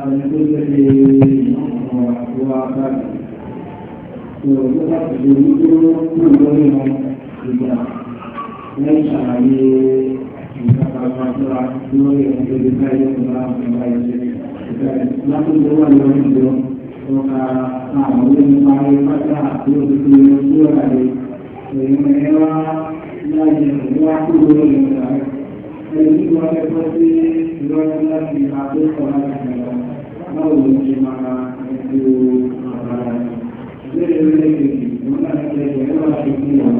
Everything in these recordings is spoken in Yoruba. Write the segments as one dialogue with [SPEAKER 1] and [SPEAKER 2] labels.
[SPEAKER 1] ẹni tó ṣe ṣe ìmọ̀ àti wá káàdì. Ìrò tó bá ti ṣe ní tó kú lórí wọn ìgbà lẹ́yìn ṣàlàyé ìkàkàkà fúra lórí ẹni tó ṣe káyé fúra ìgbà ìṣe. Lákòókò wà lórí ìjọ ọ̀ka àwọn olóyìn parí pátá àti òṣìṣẹ́ ìlú tó rà lé. Èyí ni ẹ wá láyé ìwá kúrò lórí ìgbà rẹ̀ èyí wọn fẹ́ kọ́ sí ìrọ́jú láti àgbékọ̀ láti ṣẹlẹ̀ náà ló ti máa ju àbára ìbéèrè lẹ́yìn ìgbìmọ̀ láti ṣẹlẹ̀ wọ́n ṣe fún wọn.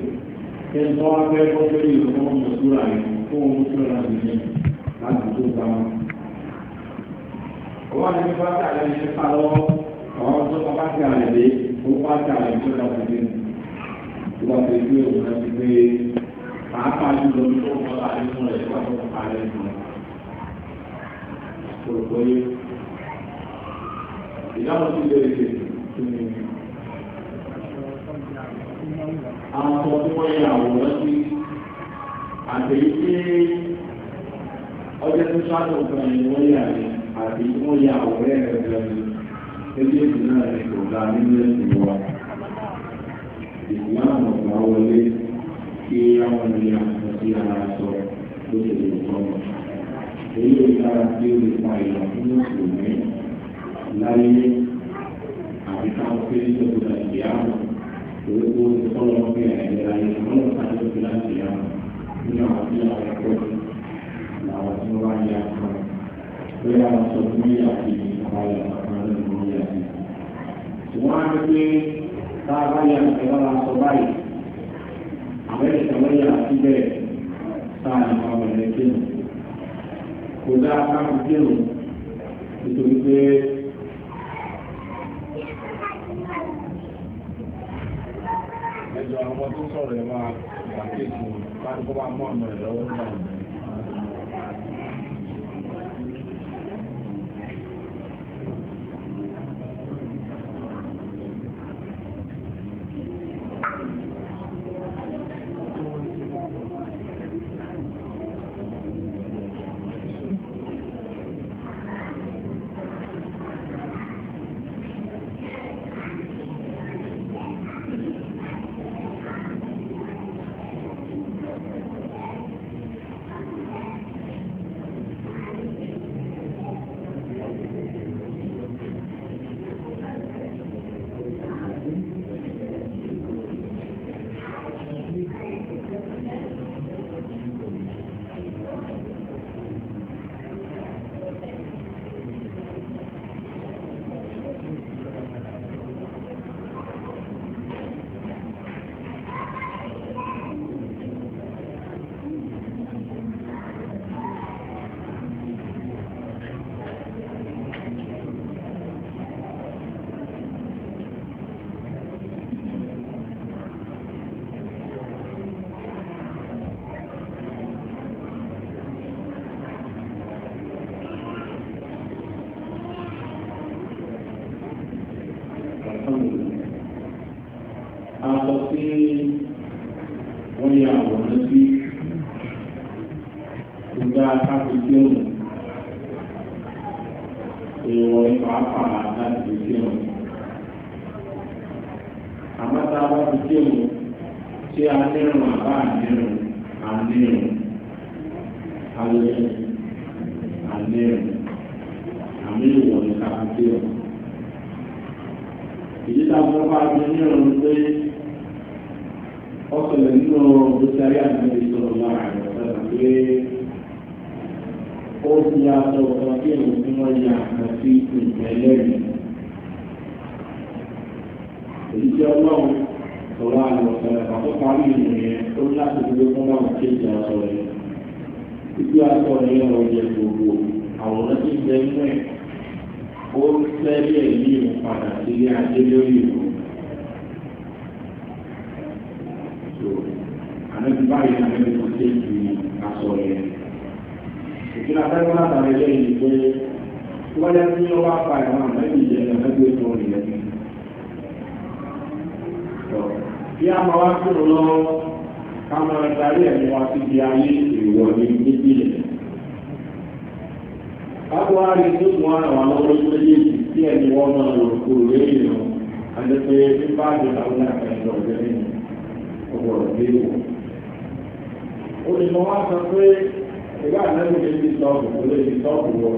[SPEAKER 1] kẹ́ni tó wá fẹ́ kọ́ sórí ìfún ọmọ ìṣúra tí ó ní láti tó ga wọn. Ọwọ́ ni bí pátá rẹ̀ ṣe fà lọ́wọ́ àwọn tó bá pátá rẹ̀ lé ó pátá rẹ̀ tó dà sí nínú. Ìgbà tó gbé òun náà ti gbé pàápàá jùlọ ní ó bọ́ láti fún rẹ̀ wá tó kà rẹ̀ jù. Olùkọ́yé ìdáhùn sí ilé ìṣèlú tó ní
[SPEAKER 2] àwọn ọkọ̀ tí wọ́n yẹ àwòrán
[SPEAKER 1] sí àtẹ̀yí tí ọjọ́ tó ṣáàtọ̀ kan ni wọ́n yẹ àrẹ àti wọ́n yẹ àwòrán ẹ̀rẹ̀ gẹ̀rẹ̀ ẹbí ètò náà ni kò dá nínú ẹ̀sìn wa ìsìláàmù ọ̀gá wọlé kí àwọn ènìyàn àti ara sọ ló ṣe lè tọ́ ọ èyí ò dára tí ó lè pa ìlà fún mùsùlùmí láyé àbíká pé nígbà tó dàgbé àmọ́ gbogbo ọlọ́run fi àìlera yìí ọlọ́run ká ló fi láti yá ní àwọn tí àwọn ẹ̀kọ́ làwọn tí wọ́n á yá kan pé àwọn sọ fún yíyà sí àwọn ìyàwó kan lónìí ní yíyà sí. ṣùgbọ́n a ti pé tá a bá yà ẹ bá wa sọ báyìí àbẹ́rẹ́ ìtàn lọ́yà àti bẹ́ẹ̀ tá a nà máa bẹ̀rẹ̀ kéwòn kò dáa ká fi kéwòn nítorí pé. ẹjọ́ ọmọ tó sọ̀rọ̀ ẹ̀ máa gbàkéèkì láti kó bá mọ́ ọ̀nà ẹ̀ bóyá tí ó bá pa ìwọ̀n àmẹ́bí yẹn lọ tó rí ẹ̀ bí a máa wá kúrò lọ ká máa darí ẹ̀mí wa sí di ayé ìwọ̀ ní níbílẹ̀ káàkó wá rí tó tún ara wà lọ́wọ́ lójú méjèèjì tí ẹ̀mí wọ́n máa lò kúrò lórí lọ àdẹ́pẹ́ pípa àjọ àwọn àkàndọ̀ ọ̀gbẹ́ nínú ọgbọ̀rọ̀ gbé wọ̀ olùmọ̀ wá sọ pé ìwà àdẹ́pẹ́ ti sọ òkú lórí sọ́ọ̀bù wọn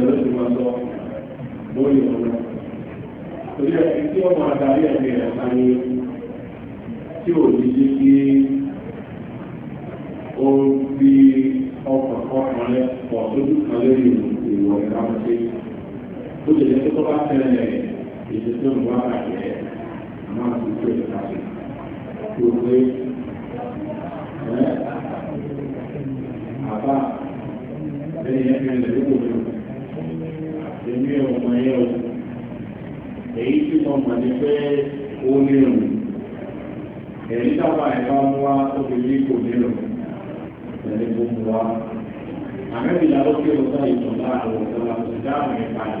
[SPEAKER 1] ìbẹ̀rẹ̀ máa sọ lórí ọ̀nà. Torí ẹni tí ọmọ adarí ẹ̀mí rẹ̀ ká ní tí ò ní jẹ́ kí ó fi ọkàn ọkàn pọ̀ lójú kan lórí ìwọ̀ ìdámọ́sí. Ó lè jẹ́ tó bá tẹ̀lé ìṣẹ́ tó ń wá àjẹ́ máa ti tó ìtàkùn. Gbogbo pé ó nírun èyí sábà ẹ̀ka mú wa ó fi ní kò nírun ẹ̀rí gbogbo wa àmẹ́bìlá ló kí ọ̀sán ìtọ́lá àwọn ọ̀sán àti dáhùn ẹ̀ padà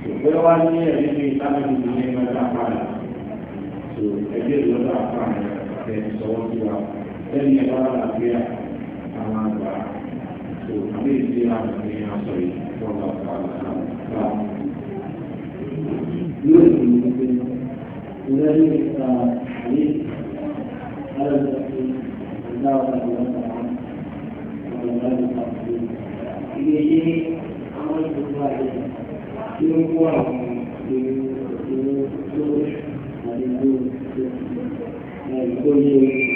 [SPEAKER 1] ṣùgbọ́n wá ní ẹ̀rí ní ìtàkùn ní ẹgbẹ́ta padà tó ẹgbẹ́ ìlọ́ta àpáàrẹ ẹ̀ sọ́wọ́ sí wa lẹ́yìn ẹ̀rọ هنالك حديث
[SPEAKER 2] هذا التقسيم
[SPEAKER 1] دعوة الله تعالى وعلى هذا التقسيم في شيء عمل بالواحد في قوة في في في في في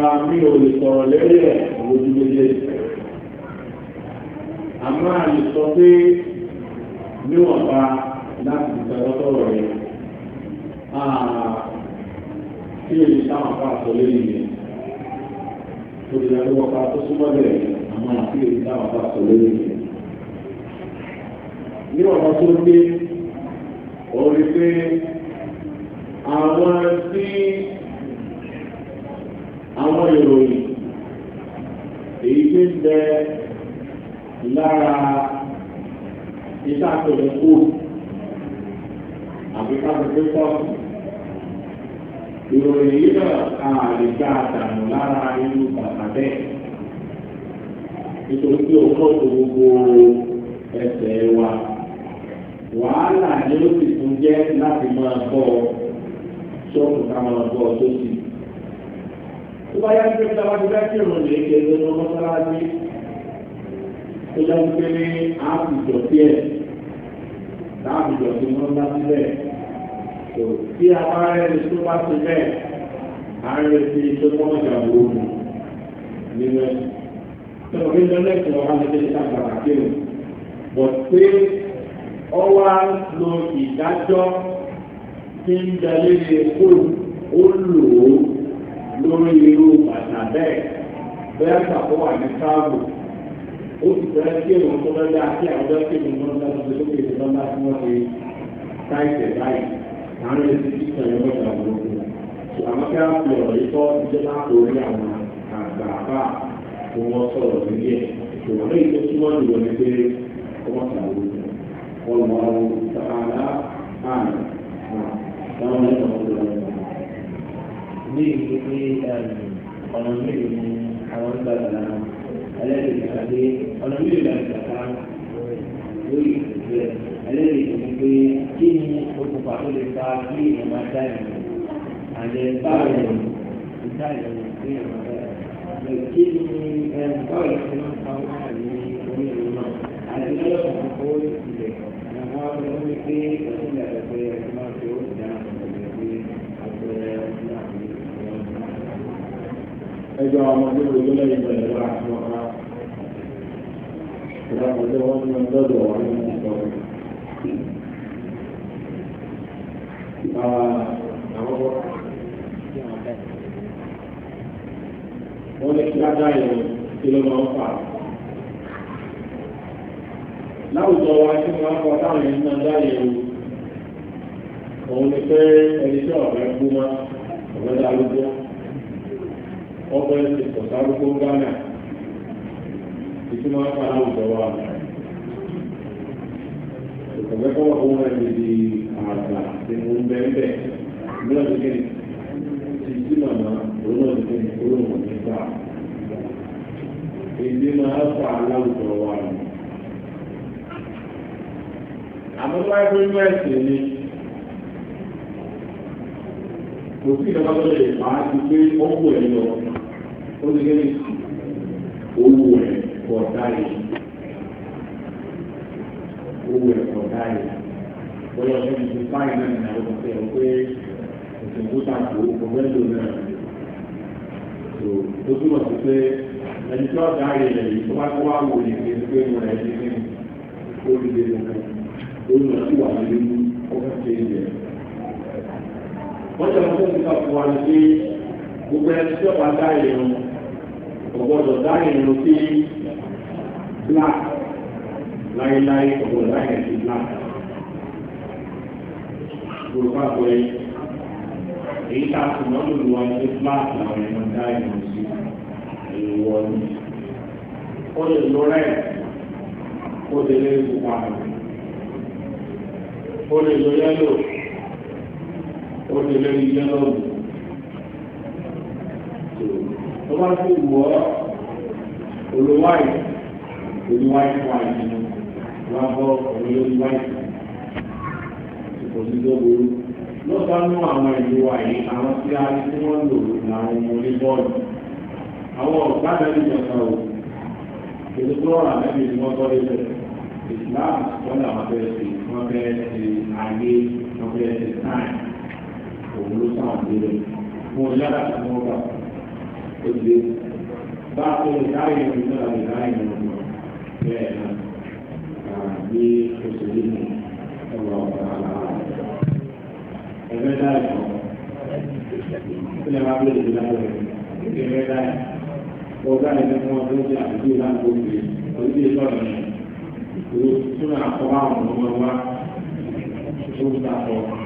[SPEAKER 1] mi ò lè sọ̀rọ̀ lẹ́yìn ẹ̀ lójú méjèèjì a lè sọ pé níwọ̀nba láti ìgbàgbọ́ sọ̀rọ̀ rẹ̀ kí èyí táwọn apá àtọ̀ lẹ́yìn rẹ̀ tó ti dájú wọ́pá tó súnmọ́ bẹ̀rẹ̀ àmọ́ àti èyí táwọn apá àtọ̀ tí ń da lérí epo ó lò ó lórí irú bàtà bẹ́ẹ̀ bẹ́ẹ̀ kàkọ́ wà ní káàbù ó sì fẹ́ kí èèyàn tó lọ́dọ̀ àti àwùjọ kí èèyàn tó lọ́dọ̀ tó lókè tó lọ́dọ̀ tí wọ́n ti táìsẹ̀ báyìí láàrin èsì tí kan yẹn lọ́dọ̀ àwọn ológun tó àwọn kí á fi ọ̀rọ̀ yìí tọ́ iṣẹ́ láti orí àwọn àgbà àbá tó wọ́n sọ̀rọ̀ nílé ẹ̀ tó wọ́n tó túmọ̀ ní pé wọn lè lọ sí ọ̀rọ̀ ilé ìwé pé ọ̀nà mélòó ni àwọn ń gbàgbà náà ẹlẹ́rìí ìgbà pé ọ̀nà mélòó ni àgbà ká lórí ìgbẹ́ ẹlẹ́rìí ìgbà pé kí ni okùnfà tó lè fa kí èèyàn máa dá ìrìn ẹgbẹ́ àwọn ọmọdé gbogbo lẹ́yìn ìbẹ̀rẹ̀ wọ́n lè fi dáadáa yẹn ló máa ń fà láwùjọ wa tí wọ́n kọ táwọn ẹni náà dáyẹ̀ o òun ni pé ẹni tí ọ̀rẹ́ gbó máa ọ̀rẹ́ dá Ọ ti pọ̀ sárúgbó Ghana ìtumọ̀ apá àwùjọ wa ìkọ̀gbẹ́kọ̀ òun ẹni di àgbà tí mo ń bẹ́ẹ̀ bẹ́ẹ̀ náà ti kò ìjọba tó lè máa ti pé ó wù lọ ó ti gẹ́gẹ́ owó ẹ kọ̀ dáì owó ẹ kọ̀ dáì bóyá ọ̀sẹ̀ ti fáì náà nínú àwọn ọ̀sẹ̀ ọ̀ pé òṣèlú tàbí ọ̀gbẹ́lò náà tó túbọ̀ sí pé ẹni tó ọ̀dà ayẹyẹ yìí tó bá tó wà wò ní ìgbésí pé mo rẹ̀ ṣe ní olùdíje nìkan olùdíje wà nínú ọ̀gbẹ́sẹ̀ ìjẹ́ wọ́n jẹ́ ọdún ìgbà fún wa ní pé gbogbo ẹni tí ọba dá ìrìn ọgbọ́dọ̀ dá ìrìn sí black láéláé ọgbọ́dọ̀ dá ìrìn sí black. Yorùbá sọ yìí, èyí tá a sùn lọ́dún ìwà ní black làwọn èèyàn dá ìrìn sí ìwọ ni. Ó lè lọ rẹ̀ ó lè gbogbo àwọn. Ó lè lọ yẹ́lò ó lè lórí ilé lọ́wọ́ tó bá sì wọ́ olówáì lórí wáìtì wáìtì wá bọ́ olórí wáìtì kò sí tó burú lọ́sàn nínú àwọn ìlú wa yìí àwọn tí a rí tí wọ́n lò làwọn ọmọ orí bọ́ọ̀lù àwọn ọ̀gá lẹ́nu ìjọba o èdè tó rọrùn àlẹ́bí ni wọ́n tọ́lé bẹ̀rẹ̀ ìsìláàmù wọ́n làwọn fẹ́ẹ́ ṣe wọ́n fẹ́ẹ́ ṣe ayé wọ́n fẹ́ẹ́ ṣe táìmù òun sáà dé mo yára tí wọ́n bá ó lé bá a tó lè dáhì ẹni náà lè dáhì ẹni náà bẹ́ẹ̀ náà ní oṣù yìí ní ọ̀rọ̀ ọ̀rọ̀ àlàáfíà ẹgbẹ́ dáhì kan ó lè máa bẹ̀rẹ̀ ìdájọ́ rẹ̀ ẹgbẹ́ dáhì ọ̀gá ẹgbẹ́ fún ọdún tí àdúgbò láti gbé orílẹ̀ lọ́rọ̀ yẹn ìlú tún àkọ́wà ọ̀nà wọn wá tó ń ta ọ̀rọ̀.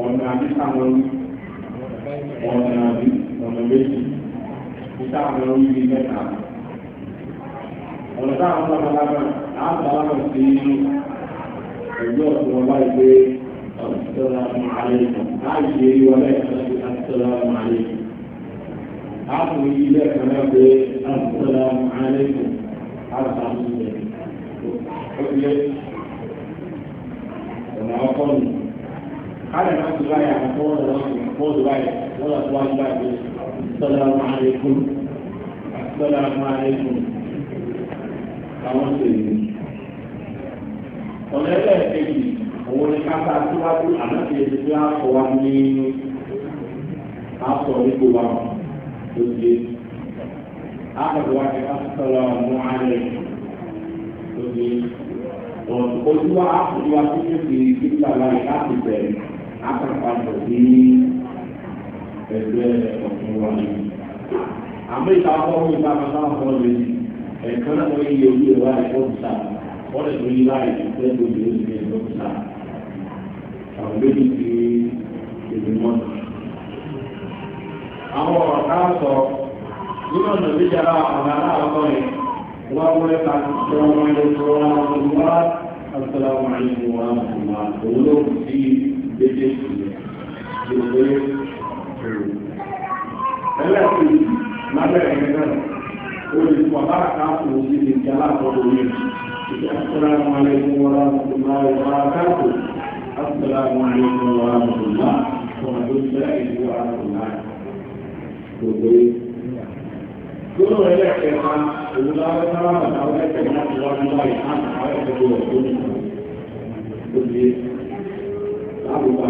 [SPEAKER 1] ọ̀nà àbí táwọn orí ọ̀nà àbí ọ̀nà méjì ní táwọn orí ní mẹ́ta ọ̀nà táwọn ọmọ alága àbálága sí ẹgbẹ́ ọ̀sùn ọba ìgbé ọ̀sùn àlejò láì ṣe eré wọlé ọ̀sùn àlejò láàbù ilé ẹ̀ka náà pé ọ̀sùn àlejò àbálága sí ẹgbẹ́ ọ̀sùn ọ̀nà ọkọ̀ nù. على ما تبايع على طول طول بايع ولا طول بايع السلام عليكم السلام عليكم àwọn sèyí ọ̀nà ẹlẹ́ẹ̀kejì òun ni kápá síwájú àmọ́tí ẹni tí wọ́n sọ wá ní asọ̀ nípò wa lóde akọ̀tọ̀ wa kẹta sọ̀rọ̀ ọ̀mú alẹ́ lóde ojú wa àpòjú wa tó kéde kíkà láì láti bẹ̀rẹ̀ akọ̀pàdọ̀ ní ẹgbẹ́ ọ̀tún wa ní. àmì ìta ọkọ̀ ìta kọta ọkọ̀ rẹ̀ ẹ̀kan náà wọ́n yẹ ojú ẹ̀wà ẹ̀kọ́ ìta wọ́n lè lórí láì ẹgbẹ́ tó yẹ ojú ẹ̀kọ́ ìta. àwọn méjì ti èdè mọ́. àwọn ọ̀rọ̀ ká sọ nínú ọ̀nà méjì ara ọ̀gá aláàkọ́ yẹn wọ́n wọlé ká sọ wọn lè sọ wọn lọ́wọ́ dédé ìwé èrò. ẹlẹ́sìn lábẹ́rẹ̀ mẹ́ta ó lè fọ bára káàkó sí ní ìjà látọ̀dọ̀ mi السلام عليكم ورحمة الله وبركاته السلام عليكم ورحمة الله ورحمة الله وبركاته gbogbo gbogbo ẹlẹ́kẹ̀ẹ́ta olùdarí sábà bàtà ọlẹ́kẹ̀ẹ́ náà wá nígbà yìí àwọn ẹ̀kọ́ àbúkọ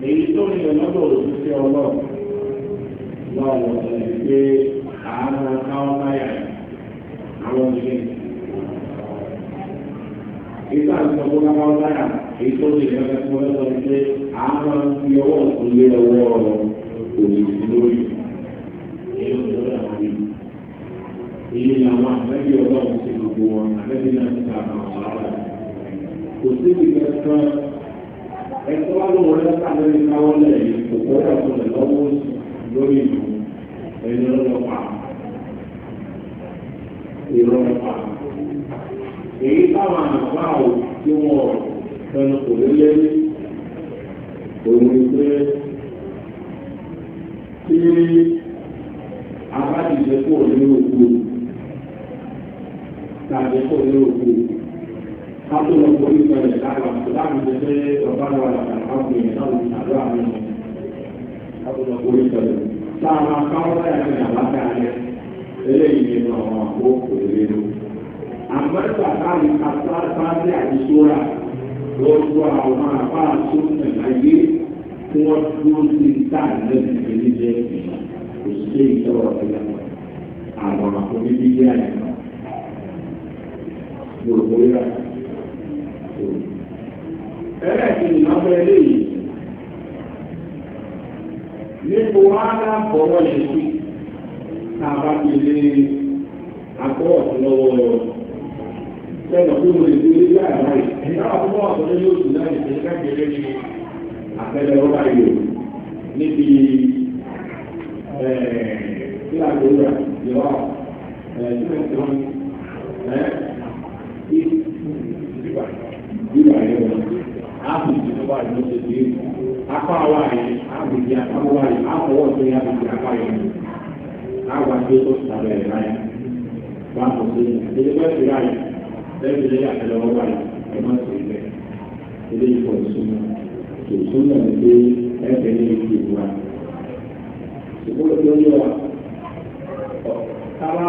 [SPEAKER 1] èyí tó ń lọ lọ́dọ̀ òṣìṣẹ́ ọlọ́run lọ́wọ́ ẹ̀rí pé àánú káwọn náírà àwọn òṣèlú. Ìgbà ìsọ̀kú káwọn náírà èyí tó lè rẹ̀ fún ẹ sọ pé àánú fi ọwọ́ ìpínlẹ̀ ọwọ́ òyìnbó lórí. Èyí ló lọ́wọ́ àwọn ìlú. Èyí ni àwọn àgbẹ̀bí ọlọ́run ti gbogbo wọn àgbẹ̀bí náà ti ta àwọn ọ̀rọ̀ kò síbi kankan ẹ̀tọ́ wà ẹni ìrọ̀pàá èyí táwọn àgbà ò tí wọ́n fẹnu kò lé lẹ́yìn.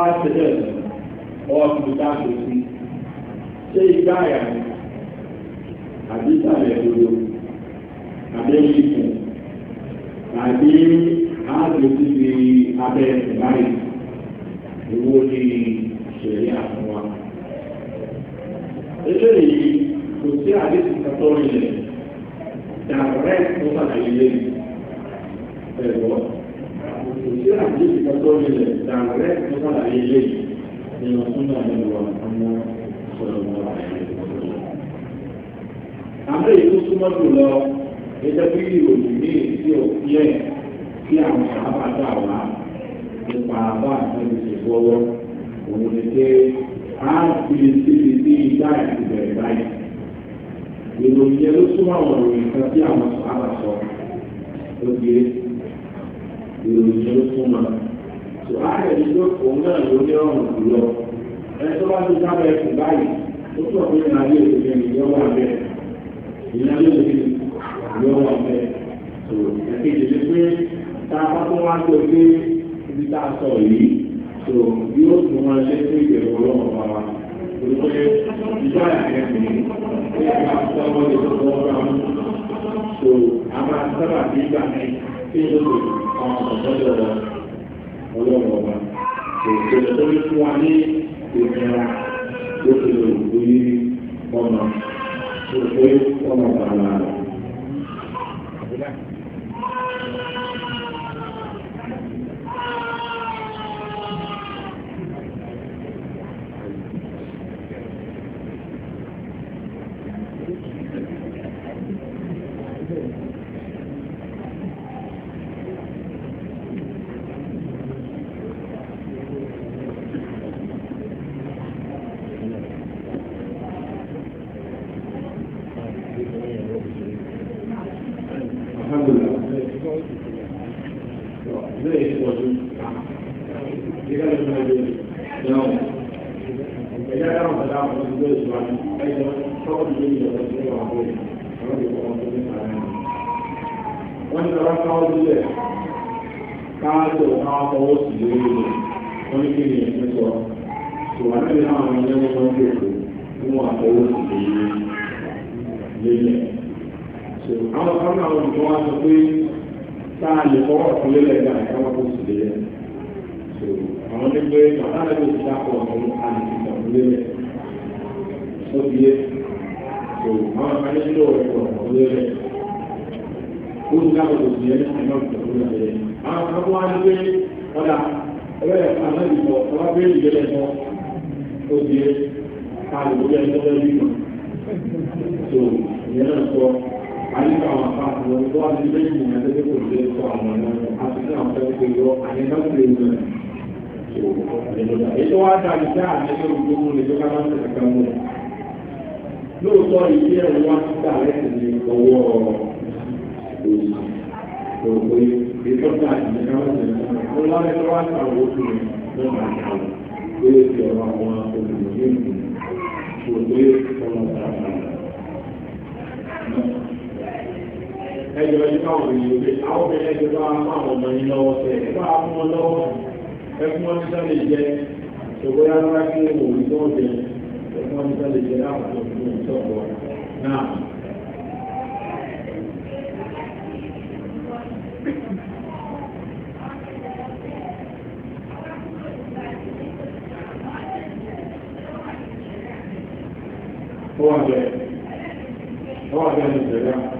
[SPEAKER 1] wá tẹ̀lé ọwọ́ tuntun tá a lè fi ṣé ìgbà àyà ni àbí ìsàlẹ̀ dodo àbí ìsìn àbí àádọ́sí ti abẹ́ ìbáyé owó ní ìṣẹ̀lẹ̀ àwọn wa. eléyìí kò sí àdéhùn kátó ilẹ̀ dàrẹ́ tó sàlàyé lẹ́yìn ẹ̀rọ kò sí àdéhùn kátó ilẹ̀ dàrẹ́ sàlàyé ilé yìí nínú súnà nínú ọmọ sọ̀rọ̀ àwọn èyí súnmọ́ jù lọ ẹjọ́ bí ìròyìn ní èsì òkú ẹ̀ kí àwọn àbájá wa nípa bá àtúntò ìṣègbọ́wọ́ òun ni pé a fi síbi sí ìgbà ìbẹ̀rẹ̀ báyìí. ìròyìn ẹ̀ súnmọ́ àwọn ìròyìn kan tí àwọn sọ̀rọ̀ sọ ló gbé ìròyìn ẹ̀ súnmọ́ yóò òun náà ló ní ọ̀rùn jùlọ ẹni tó bá ti sábẹ́ ẹ̀sùn báyìí ó sọ pé ìrìnàjò ìṣẹ̀lẹ̀ ìyọ́wọ́ abẹ́ ìrìnàjò ìṣẹ̀lẹ̀ ìyọ́wọ́ abẹ́ ẹ̀kejì ni pé tá a wá tó gbé ibi tá a sọ yìí tó yóò tún wọn ṣe fún ìbẹ̀rù ọlọ́run bá wa ìjọ àyẹ̀kẹ́ ní ìgbà tó wọ́n lè tó wọ́n bá wọn tó a máa sábà bí ìgbà kí ló lè ọ̀sán lọ́dọ̀ ọlọ́run ọba ètò tó ń fún wa ní ìrìnà ló fi lè ní ọmọ tó pé ọmọ bàbá rẹ̀. wọ́n ti rárá káwọ́ sílẹ̀ káàtò káwọ́ fọwọ́ sí lórí rẹ̀ wọ́n ní kí ni ẹ̀sìn sọ ṣùgbọ́n tí àwọn ilé wọn ń gbèrò tí wọ́n àfọwọ́ sí lórí lélẹ̀ àwọn kan náà wọ́n wá sọ pé táà lè fọwọ́ sí lélẹ̀ káwọ́ tó sí lélẹ̀ àwọn ní pé bàbá rẹ̀ lè dákọ̀ ọ̀hún àti ìtàkùn lélẹ̀ àwọn akadẹ́sílẹ̀ ọ̀rẹ́ pọ̀ ọ̀rẹ́ rẹ̀ ó ń dábọ̀ tó ti ẹni ẹ̀nà ìtọ́jú rẹ̀ àwọn akọ́kọ́ wá ní pé ọ̀dà ẹgbẹ́ àná ìbọ̀ ọba pé ìgbẹ́lẹ̀ mọ́ ó di ẹ káàlù lórí ẹni tọ́jú ẹbí mọ́ tó ìyẹn náà sọ àyíká àwọn àpapọ̀ wọn tó wá sí ilé ìgbìmọ̀ ẹgbẹ́ kò lè sọ àwọn ọ̀nà àti sí àwọn ọ̀fẹ́ pé yọ àyẹ̀ká sí ewu rẹ̀ ètò wa dàbí sáà àti ẹgbẹ́ òkú mú lè tó ká lóòótọ́ ìdí ẹ̀rọ wá síta lẹ́sìn ní ọwọ́ òsì òpè ìtọ́ta ìdíkà wọn ní ọ̀hún lọ́wọ́ wá sàwọ́ oṣù rẹ̀ lọ́wọ́ àtàwọn ti ọ̀rọ̀ àwọn olùdókòwò
[SPEAKER 2] ní òpè ọmọ tààtà.
[SPEAKER 1] Ẹjọ́ ẹjọ́ káwọn ènìyàn àwọn obìnrin ẹjọ́ bá máa wọ̀ ọmọ yín lọ́wọ́ sẹ́ ẹ bá fún lọ́wọ́ ẹ wọn ní sáré jẹ ṣògbóyá lọ́wọ́ kí wọ́n ò Wọ́n àjẹ́
[SPEAKER 2] ìṣẹ̀lẹ̀.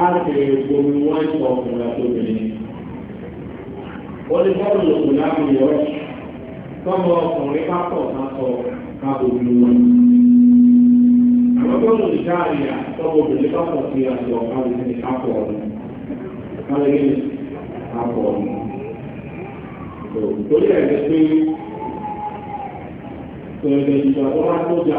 [SPEAKER 1] á tẹ̀lé gbomi wọ́n sọ ọkùnrin àtòbìnrin. ó ní bọ́ọ̀lù òkùnrin láti yọ ọ́ tọ́mọ ọkùnrin bá pọ̀ ká sọ ká bomi wọn. àwọn bọ́ọ̀lù ìdáàríà tọ́mọ obìnrin bá pọ̀ sí àjọ káwọn ìsinmi ká torí ẹ̀ pé pẹ̀lú ìgbà tó jà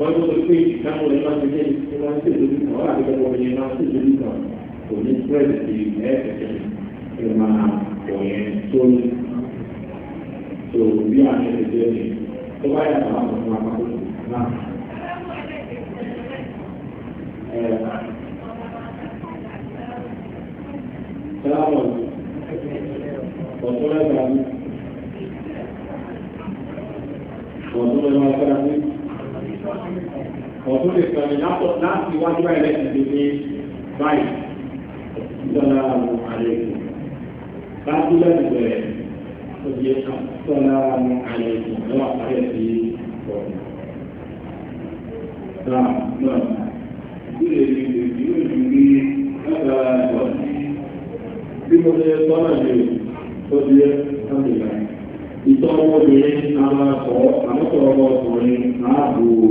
[SPEAKER 1] wọ́n yóò pé ìdáhùn rẹ̀ máa ń tẹ̀lé tí wọ́n ń tẹ̀lé lórí kan wọ́n àti ẹ̀kọ́ yẹn máa ń tẹ̀lé lórí kan kò ní pẹ́ẹ́lí ti ẹ̀ẹ́dẹ̀kẹ́ ẹ máa wọ̀ yẹn tó ní. tó bí àmì ẹ̀jẹ̀ ni tó bá yàtọ̀ àwọn
[SPEAKER 2] ọmọ àpapọ̀ náà. Ẹ̀ẹ́dà.
[SPEAKER 1] ọ̀tún lè sọ ní látọ̀ láti wájú báyìí lẹ́sìn tó ní báyìí sọ́lá àwọn àlejò láti lẹ́nu bẹ̀rẹ̀ ó yẹ sọ́lá àwọn àlejò lọ́wọ́ àpárẹ̀ sí ọ̀rọ̀. Náà náà ìdílé mi lè fi ó ju bí lágbára ìwà bí mo ṣe sọ náà lè ó ti yẹ láti gbà. Ìtọ́wọ́ obìnrin a máa sọ àmọ́tọ̀ ọmọ ọkùnrin máa bò ó.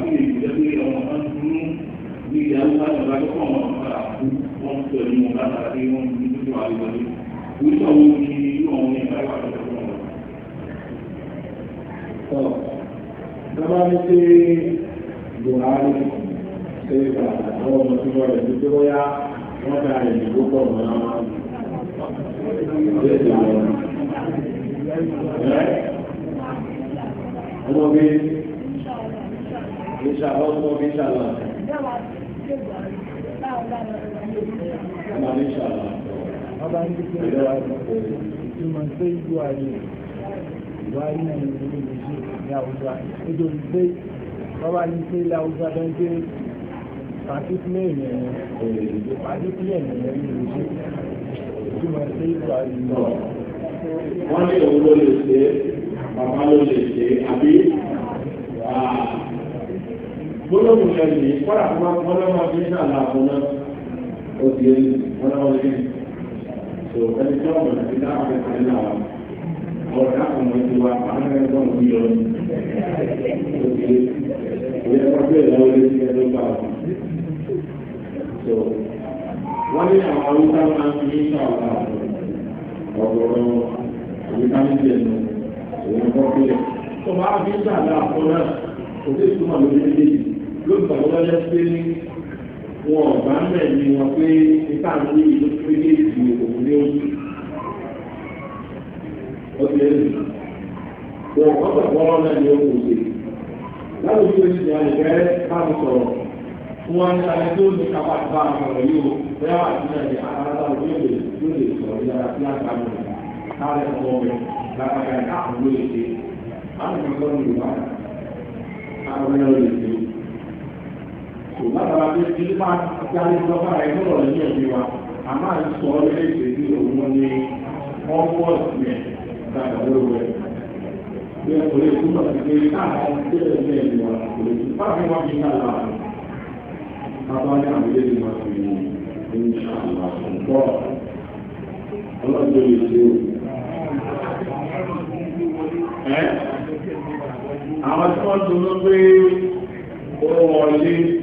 [SPEAKER 1] àbí ìjẹ́ ọmọ
[SPEAKER 2] ìṣàlọ́ ọmọ bí ìṣàlọ́ ọmọ bí ìṣàlọ́ ọba ń gbé
[SPEAKER 1] ìgbìmọ̀ pé ìlú ayé ìlú ayé náà ní ìlú ìlú ní àwùjọ nítorí pé bọ́bá ní pé ilé àwùjọ bẹ́ẹ̀ gbé pàtíkúlẹ̀ ìrìnlẹ̀ pàtíkúlẹ̀ ìrìnlẹ̀ ní ìlú ìgbìmọ̀ pé ìlú ayé náà. wọ́n ní òun ló lè ṣe bàbá ló lè ṣe àbí gbólóhùn ẹ̀rì ní kọ́lá fún wọn lọ́wọ́ máa fi ní àlà àbọ̀ náà ó di ẹni wọn lọ́wọ́ lé so ẹni tí wọ́n mọ̀ sí láwọn ẹ̀ka ní àwọn ọ̀rọ̀ láwọn ọmọ ìlú wa àwọn ẹ̀ka tó ń bí lọ ó di ẹni
[SPEAKER 2] ẹ̀ka tó ń lọ́wọ́ lé
[SPEAKER 1] sí ẹni tó ń so wọ́n ní àwọn arúgbó máa ń fi ní sàwọ́lá ọ̀gọ̀rọ̀ àbíká ní tiẹ̀ nù òun kọ́ pé tó bá ló sọ wọ́n lọ́jọ́ pé wọn ọ̀gbá mẹ́rin wọn pé nípa àwọn oníyìí ló pé òun ní oṣù ọ̀sẹ̀ èlù wọn ní oṣù láwùjọ àlùfẹ́ sọ̀rọ̀ fún ní tó ní kápá bá yìí o bẹ́ẹ̀ wà sí ẹ̀jẹ̀ yóò lè yóò lè sọ̀rọ̀ sí ọmọ káàkiri ló lè ṣe lè ṣe kò látara pé ilé máa jáde lọ́gbà rẹ̀ lọ́rọ̀ lẹ́yìn ẹ̀mí wa a máa ń sọ orílẹ̀-èdè ní òun ní ọ̀pọ̀ ìpìlẹ̀ ìtajà lórí
[SPEAKER 2] rẹ̀. bí
[SPEAKER 1] ẹ kò lè túbọ̀ sí pé káàkiri tí ẹ lè ní wa kò lè tún bá mi wá fi ká lọ àná. bàbá ní àwọn ilé ìwà fi ní ìṣàlùwà fún bọ́ ọlọ́dún lè ṣe o. àwọn tí wọ́n tún ló pé ó wọlé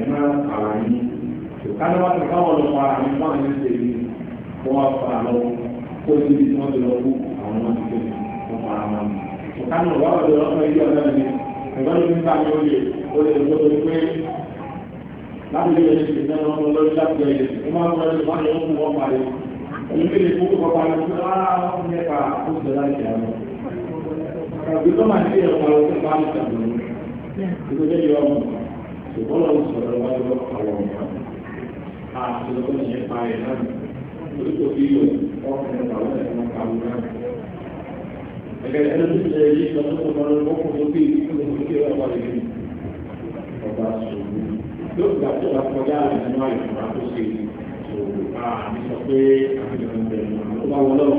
[SPEAKER 1] ẹ máa yín ṣùgbọ́n wọ́n ti káwọn lọ pa àwọn ọmọ àwọn ẹ̀ṣẹ̀ yìí wọ́n wá pa lọ kó ní tí wọ́n ti lọ kú àwọn ọmọ ti tẹ̀lé wọ́n ara wọn. ṣùgbọ́n wọ́n wá lọ ọmọ ilé ọ̀dọ́ mi ẹ̀gbọ́n mi nípa mi ó lè ó pé láti lè ṣe ìṣẹ́ wọn lórí láti ẹ̀yẹ wọ́n máa ń lọ sí wọ́n yẹ kó wọ́n parí. èyí lè fún kókó pa lọ sí ara wọn nípa ó sì láì ṣe àwọn. ìgbésọ́ ṣùgbọ́n lọ sọ̀rọ̀ wájú àwọn ọ̀gá àti lọ́wọ́ ní ẹ̀ka ẹ̀ náà lórí tó fi yọ ọkùnrin àwọn ẹ̀ka kàwé náà. Ẹgbẹ́ ẹni tó ṣe èyí lọ sí ọmọ rẹ̀ wọ́pọ̀ tó bí ìdílé tó kí ọ̀pá rẹ̀ ní ọba ṣòwò. Yóò gbà tó bá kọjá ìdánwò àyùkúra tó ṣe ṣòwò ká àmì sọ pé àfihàn bẹ̀rẹ̀ mọ́ ló bá wọn lọ́wọ́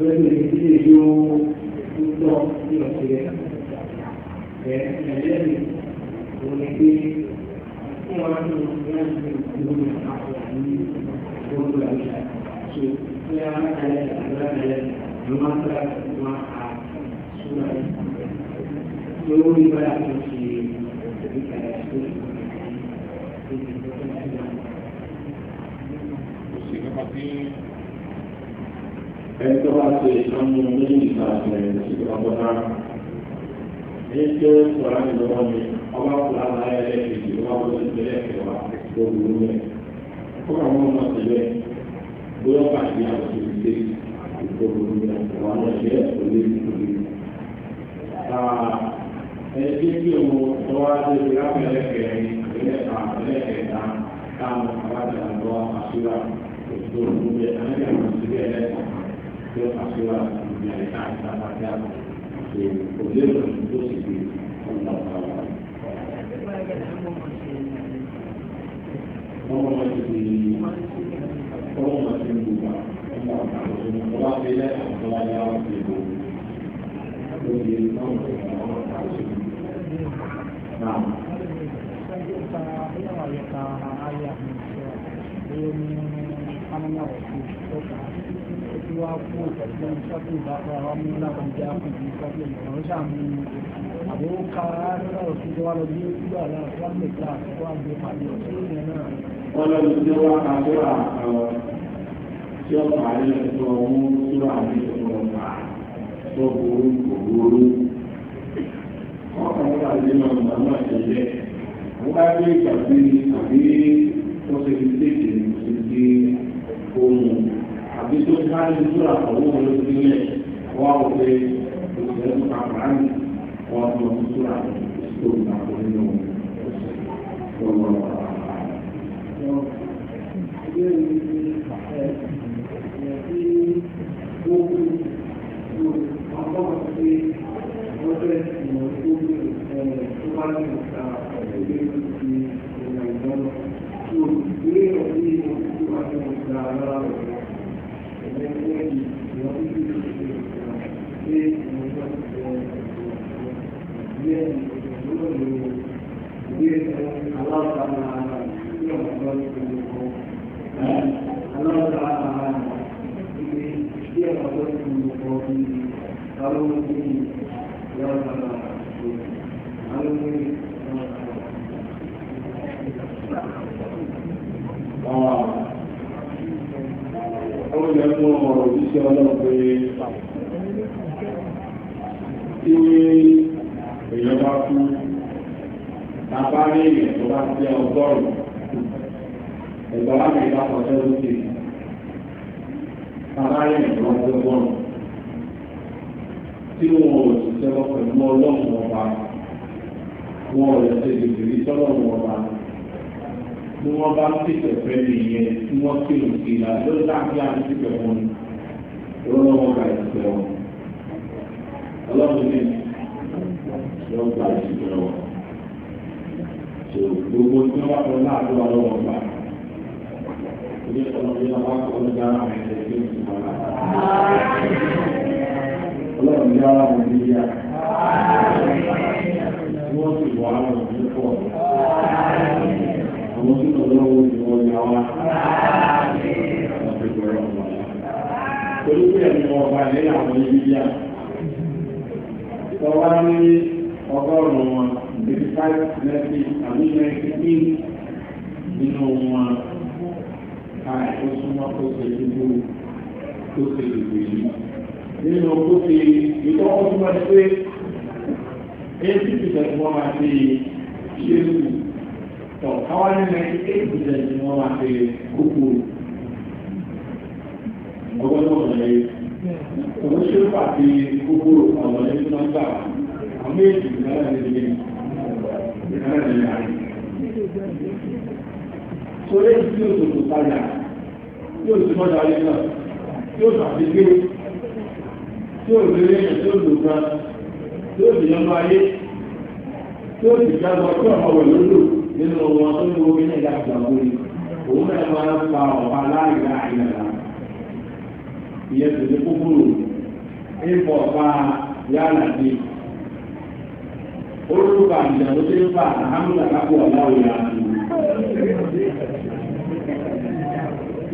[SPEAKER 1] lórí ìdílé yóò lọ sí ọ̀sẹ̀ rẹ̀. Ẹ̀ ẹ̀lẹ́ mi ò ní pé
[SPEAKER 2] fún wa ní ìgbàlódé
[SPEAKER 1] ìlú àwọn àmì gbogbo àṣà tó ẹni tó bá ṣe ìtọ́jú ní ìsàlẹ̀ ìsìnkú ọgbọ́nà ní tó sọ̀rọ̀ ní lọ́wọ́ mi ọba fúlà láyé lẹ́kẹ̀ẹ́jì wá wọlé ìgbẹ́lẹ̀ kẹwà tó burú mẹ́ kó àwọn ọmọ sílẹ̀ bóyá pàṣẹ àwọn ìṣe tó burú mẹ́ àwọn ọmọ ìṣe tó lé nítorí. Ah, ẹni tí kí o tó wá dé ibi lápẹ̀lẹ̀ kẹrin ìpínlẹ̀ kan ìpínlẹ̀ kẹta táwọn hasil akhirat menjadikan sangatnya di kulir untuk sisi Allah Taala. Kalau masih di kalau masih buka, Allah Taala sudah telah tidak telah jauh itu. Jadi Allah Taala Nah, ayat ayat yang belum kami wá fún ìfẹ̀sílẹ̀ ìṣọ́pù ìbáfẹ́ àwọn mú lábàjẹ́ àkùnjù ìṣọ́pù ìrọ̀rùn sàmú àbúrò kára náà sí wá lọ bí ó kúrò àlá wọ́n lè gbà àkókò àgbè pàdé ọ̀sẹ̀ ìyẹn náà. wọ́n lọ sí tí wọ́n ká tó rà tí ó parí ẹ̀tọ́ mú súrà ní ìṣọ̀rọ̀mà tó burú kò burú. ọkàn wà nínú ọ̀nà náà ṣẹlẹ̀ wọ́n bá gbé ìgbà sí àbí wọ́n ṣe fi ṣèṣe ìṣèṣe ohun àbí tó ká ní ìtura owó wọlé sílẹ̀ wá wọ òṣèlú tó wọn tó ń
[SPEAKER 2] tura tó ń nàkó nínú lọ́wọ́.
[SPEAKER 1] Thank you. wọ́n kí ló sí ìlànà ló dá bí àwọn ti bẹ̀rẹ̀ wọn ló ń wọ́n gba ìsìnkú wọn. ọlọ́run ní ló ń gba ìsìnkú wọn. gbogbo tí wọ́n bá fọ́ láàbọ̀ ọlọ́run. lẹ́sìn àmúlẹ̀ títí nínú wọn àìsọ́sọ́mọ́ tó ṣe dúdú tó ṣe dúdú yìí. Nínú tó ṣe ìtọ́kọ́ tó máa ṣe eighty percent wọ́n máa ṣe ṣéwù. Tọ̀ káwá ní ninety eight percent wọ́n máa ṣe kókó. Ọgọ́dọ̀ ọ̀nà yìí. Òun ṣe pàṣẹ kókó ọ̀nà yìí tó máa ń gbà. Àmì èdè ìgbàlá ní ilé Sọlé tí yóò tòtò táyà, yóò tí mọ́ta ayé náà, yóò tàbí gbé, tí ó lè rẹ̀ tí ó lò kan, tí ó dìyàn bá ayé, tí ó ti jágbọ́ tí ọmọ wẹ̀ lódò nínú wọn tó ní omi náà yàtọ̀ àgbóyè, òun náà máa ń pa ọ̀pá láìlá ìlànà. Ìyẹn tòlé kókòrò, ń bọ̀ pa yálà bíi orúkọ àjẹ̀wò tí ń fa àhámúlà kápò ọ̀láwò yà á lò.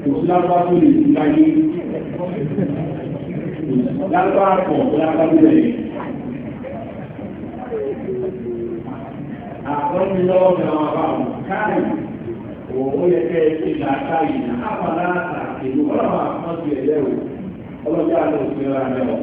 [SPEAKER 1] Òṣìlágbá tó lè ti láyé.
[SPEAKER 2] Lágbá pọ̀ lágbá tó lẹ̀.
[SPEAKER 1] Àkọ́ni lọ́wọ́ ni àwọn àbá wọn
[SPEAKER 2] káàrì. Òun
[SPEAKER 1] yẹ kẹ́ ṣe làákà yìí. Àpàlà àtàkì ló wọ́n máa fọ́n ti ẹ̀lẹ́wò. Ọlọ́jà ló fi ra ẹ̀wọ̀n.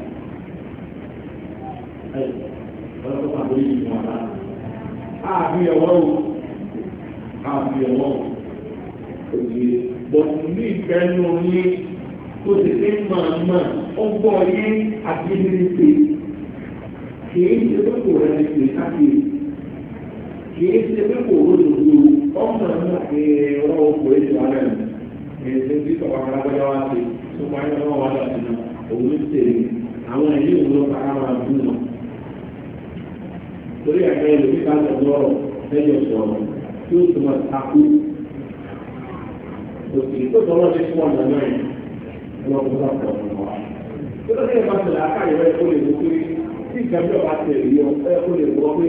[SPEAKER 1] lọ́sọ̀ pàdé yìí wọn bá. Àbí ẹ̀wọ́ o, àbí ẹ̀wọ́ o, òye bọ̀tún ní ìfẹ́ nù yín tó ti fi máa mọ̀ ọgbọ́n yín àti ìrìnsè. Kìí ṣe pé kò rẹ̀ ní ìpè káàkiri. Kìí ṣe pé kò rò lòdù ọmọ náà ẹ̀rọ ọkọ̀ ètò alẹ́ mi. Èdè Àwọn ẹ̀yìn òun ló fara máa dùn náà torí ẹ̀ka ẹ̀lò nípa àtọ̀dọ̀ ẹ̀jọ̀ sọ̀rọ̀ tí ó túmọ̀ takú òsì tó tọ́lọ́ ti fún ọ̀nà náà ẹ̀rọ tó bá pọ̀ ọ̀nà tó tọ́lọ́ yẹn bá tẹ̀lé akáyọ̀ rẹ̀ lè mú pé tí ìgbàgbọ́ bá tẹ̀lé yọ ẹ̀ kó lè wọ́ pé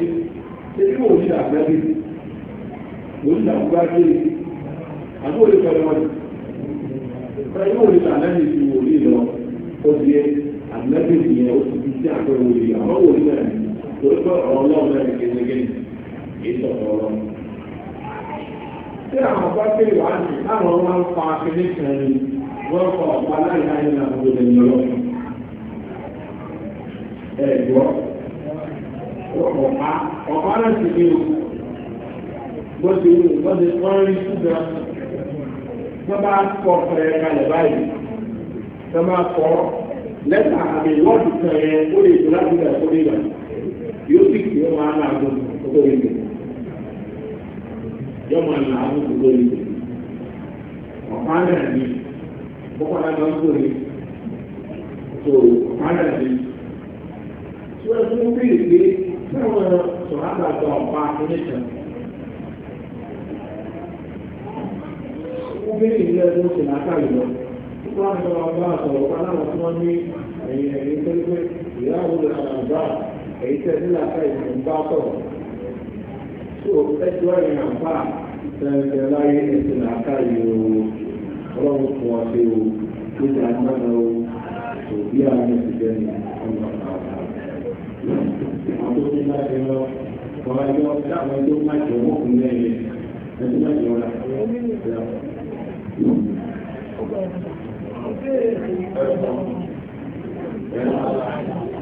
[SPEAKER 1] ebi wò ní àgbẹ̀bí wò ní àgbẹ̀bí àbúrò lè wọn. pẹ̀lú wò ní àgbẹ̀bí ti wò ní lọ ó ti yẹ àgbẹ̀bí yẹn ó ti fi sí àgbẹ̀wò yìí àwọn wò ní torí ọ̀rọ̀ ọlọ́run náà ní gẹ́gẹ́ èyí sọ̀rọ̀ tí àwọn bá pè wá ní àwọn máa ń akéde kan wọ́n fa ọ̀pá láì láì ní àwọn olè
[SPEAKER 2] ẹ gbọ́ ọ̀pá
[SPEAKER 1] ọ̀pá náà ti gbé o bó ti wọ́n rí ṣúgbà wọ́n bá kọ́ ọ̀pẹ̀rẹ̀ kalẹ̀ báyìí wọ́n máa kọ́ lẹ́tà àbí wọ́ọ̀dù kan ó lè tó láti gbà yóò sì kí wọn máa làágùn kókó ìlú yóò máa làágùn kókó ìlú ọ̀pá náà ni bọ́kọ́ náà máa ń kó ni tó ọ̀pá náà ni tí wọ́n tún bí ìgbé táwọn sọ̀rọ̀ àgbàdo ọ̀pá
[SPEAKER 2] oníṣẹ́. Wọ́n bí ìlú ẹ̀dùn ṣe látàrí
[SPEAKER 1] lọ. Wọ́n á sọ ọba àtọ̀wọ̀ pa láwọn tí wọ́n ní ẹ̀yìn ẹ̀yìn pẹ́ẹ́pẹ́ ìyá àwọn àgbà èyí tẹ́ ní làtà ìrìn bá sọ̀rọ̀ tó ẹjọ́ ìrìn àpá ìtẹ̀ẹ̀tẹ̀ láyé ẹ̀sìn làtà ìrìn ọlọ́run fún wa ṣe o tó dá náà o tó bí àwọn ìṣẹ̀lẹ̀ ní ọmọ àwọn tó ní láti lọ wọn ẹjọ́ táwọn ẹjọ́ má jẹ́ wọ́n kún lẹ́yìn ẹjọ́ má jẹ́ wọn
[SPEAKER 2] Thank you.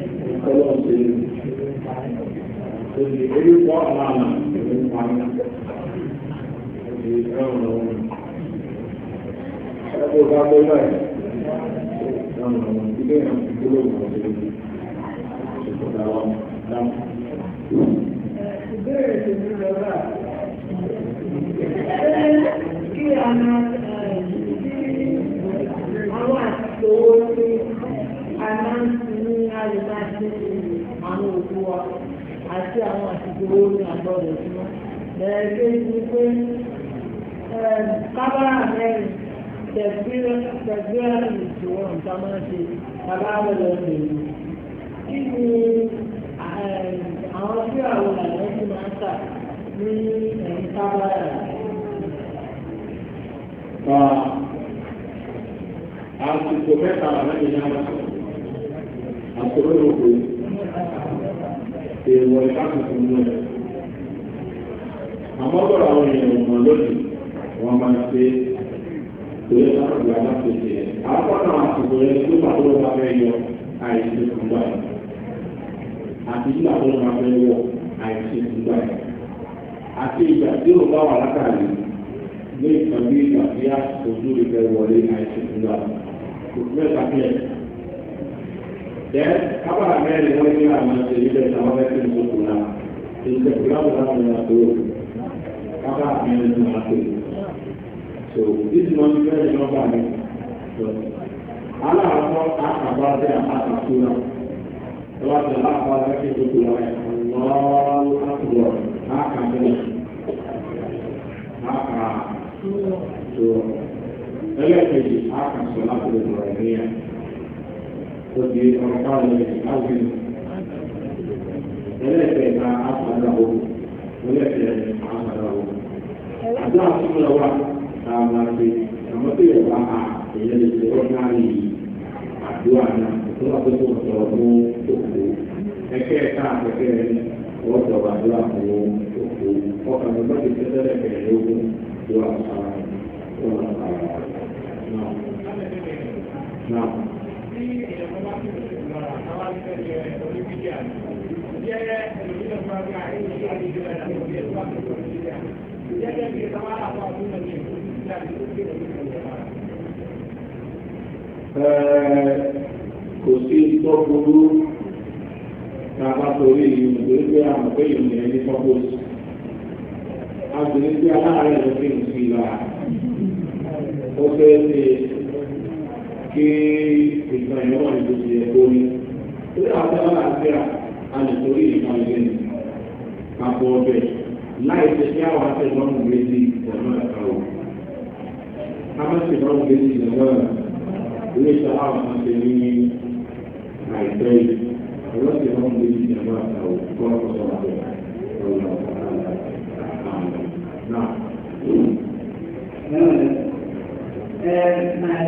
[SPEAKER 1] ọlọ́run ìbéèrè
[SPEAKER 2] tèmi lọ́wọ́ kí a àti àwọn àṣìṣe owó ní àgbọ̀dọ̀ ìṣúná. Ẹ̀ẹ́dẹ́ ni pé
[SPEAKER 1] kábàrà mẹ́rin tẹ̀gbẹ́rẹ́ ìṣòwò nǹkan máa ṣe kábàrà lọ́dọ̀ ìlú. Kí ni àwọn tí
[SPEAKER 2] àwọn àlẹ́ ti máa ń tà ní ẹ̀yìn kábàrà rẹ̀? mẹ́ta làwọn
[SPEAKER 1] ènìyàn máa sọ̀rọ̀. Àsìkò mẹ́ta làwọn ènìyàn máa sọ̀rọ̀ èèwọ̀ ìbáṣepọ̀ ní ẹ̀. àmọ́ bọ̀rọ̀ àwọn èèyàn wọ̀n lónìí wọ́n máa ṣe ìwé láti aláṣẹ ṣe ẹ̀. àwọn náà àsìkò rẹ̀ tó bá tó bá fẹ́ yọ àìsí ìgbà yìí àti ìgbà tó bá fẹ́ wọ àìsí ìgbà yìí àti ìgbà tí ó bá wà látàrí ní ìtàn bí ìgbà tí a ojú rẹ̀ wọlé àìsí ìgbà yìí. kò fẹ́ Then, kábàrà mẹ́rin wọ́n ní àwọn ọ̀sẹ̀ ilẹ̀ àwọn ẹ̀sẹ̀ ìmọ̀tò náà. Ìṣẹ̀ ìgbàlù láti wọn tó kábàrà mẹ́rin ní wọn tó. So, this month mẹ́rin náà bá mi. Aláàbọ̀ àkàbàdé àkàtúrà. Wọ́n ti láàbọ̀ àkàtúrà ìtòkù rẹ̀. Wọ́n á kúrò àkàbẹ̀rẹ̀. Àkàtúrà. Ẹlẹ́kẹ̀jì àkàtúrà ìtòkù rẹ̀ ní ẹ̀ òbí ọ̀pá ọ̀lẹ̀ áwùjọ. ẹlẹ́fẹ̀ẹ́ ta àpàdà òwò ẹlẹ́fẹ̀ẹ́ àpàdà òwò. àjọ àtúntò wa ta máa ṣe àmọ́ tó yẹ wá a èyẹ lè ṣe ọ̀gá rí tó wà tó tó sọ̀rọ̀ fún òkú. ẹ̀kẹ́ ẹ̀ka àkẹ́kẹ́ rẹ̀ wọ́n sọ̀rọ̀ àdúrà fún òkú. ọkàn mi bá ti tẹ́ tẹ́lẹ̀ kẹ̀lẹ́ ogun tó kò sí tó burú tàbá torí ìrìnàjò pé àwọn pé ìrìnàjò ní pọ́pọ́sì a sì ní pé aláàárẹ̀ ló fi ń sí lára ó fẹ́ ṣe kí ìtàn ìwọ́n ní tó ti yẹ kó ní. Ilé àti aláàbíà a lè torí ìtàn ìwé ni. Àpò ọbẹ̀ láì ṣe kí àwọn aṣèlọ́mù méjì ìjọba àkàwọ̀. Amáṣèlọ́mù méjì ìjọba ilé iṣẹ́ àwọn aṣe ní àìpẹ́ yìí. Amáṣèlọ́mù méjì ìjọba àkàwọ̀ kọ́ ọ̀sọ̀ àbẹ̀ ọ̀rọ̀ àwọn àgbà náà fẹ́ máa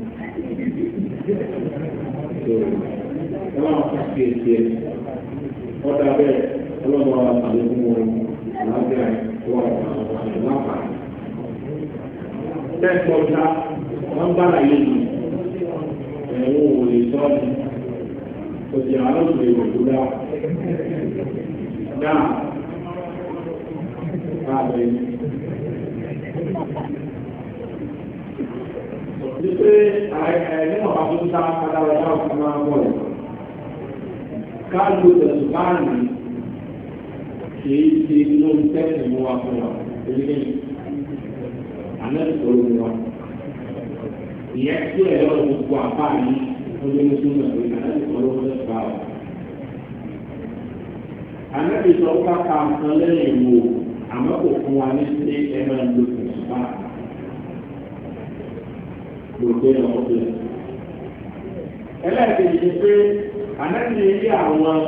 [SPEAKER 1] ọlọ́run ti fi èsì ẹ̀ ọ̀dà bẹ́ẹ̀ ọlọ́run wa àlẹ́ fún wọn àlàáfíà tó wà lápá. Tẹ́kọ̀ọ́ ta wọ́n bá láyé mi ẹ̀wọ̀n ò lè sọ ọ́ òsì àárọ̀ lè wò tó dá.
[SPEAKER 2] Náà, káàbẹ̀ yìí.
[SPEAKER 1] wípé ẹ̀ẹ́dínwó àtúntà adáwọ̀dá òkú máa ń bọ̀ rẹ̀. káàlù ẹ̀sùn báàlì kìí ṣe inú tẹ́sí mú wa fún wa orílẹ̀ yìí. mú wa. ìyẹn tí ẹ̀rọ gbogbo àbá yìí ó lé ní súnmọ̀ pé ànábì sọ̀rọ̀ mú ẹ̀sùn bá wa. kò fún lòdì ọ̀pọ̀ ẹlẹ́ẹ̀kejì ni pé ànábì rí àwọn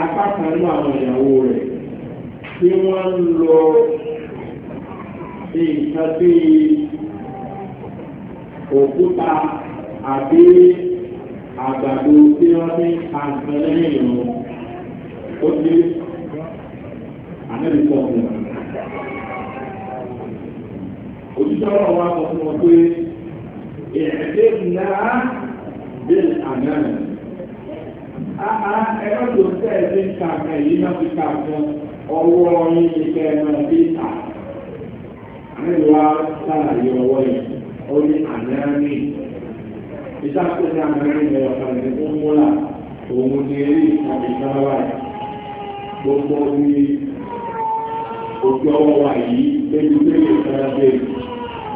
[SPEAKER 1] apákanú àwọn ìyàwó rẹ̀ tí wọ́n ń lọ nǹkan bí òkúta àbí àgbàdo tí wọ́n ní àǹkan lẹ́yìn ó ti ànábì òṣìṣẹ́ ọ̀rọ̀ wa sọ fún wọn pé ìrẹ̀lẹ̀ ńlá bẹ́ẹ̀ àná
[SPEAKER 2] àá ẹ̀rọ tó
[SPEAKER 1] tẹ́ ẹ fi ń ka nǹkan yìí náà fi ka nǹkan ọwọ́ yín ní kẹ́ ẹ máa fi sàlàyé ọwọ́ yìí ó ní àná ní ní àná ní ìlẹ̀ ní kúmúlà òun ní eré ìtàkì gbogbo ní ojú ọwọ́ wa yìí lójú pé ìṣàkóso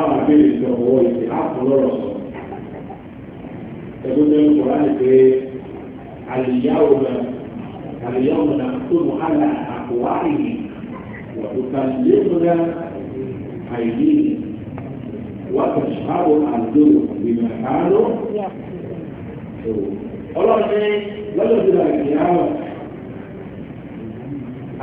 [SPEAKER 1] àwọn abéèrè ti ọwọ́ ìpè àkùnlọ́rọ̀ sọ. Ẹgbẹ́ bẹ́ẹ̀ kọ́ láti pé àlìyáwó náà àlìyáwó náà tó mú àlà àkùwárì wàtúkà lébùnà àìní wàtúkàwò àdó ìgbìmọ̀ àárọ̀. Ọlọ́run ní lọ́dọ̀ tó dàgbé àwọn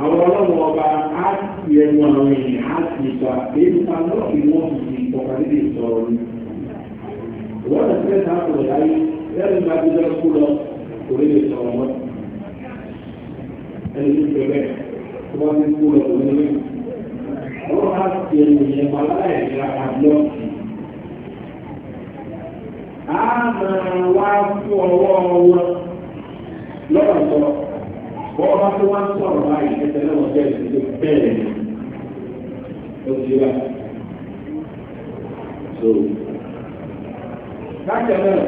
[SPEAKER 1] àwọn ọlọ́run ọba á sì ẹnu àwọn èèyàn á sì gbà èyí ta náà fi wọ́n sì fi ìfọkànlélè sọ̀rọ̀ ni. wọ́n lọ sílẹ̀ náà sọ̀rọ̀ láyé lẹ́nu bá ti lọ kú lọ kò lè lè sọ̀rọ̀ mọ́. ẹni tó fẹ́ bẹ́ẹ̀ tó bá ti kú lọ kò lè lè. ọlọ́run á sì ẹnu ìyẹn pa láyé ìlà àbúrò a máa wá fún ọwọ́ wọn lọ́wọ́ sọ̀rọ̀ bọ́ọ̀ bá tó wọ́n sọ̀rọ̀ báyìí ẹsẹ̀ náà wọ́n bẹ̀rẹ̀ sí bẹ́ẹ̀ ni ó ti rà so bákan náà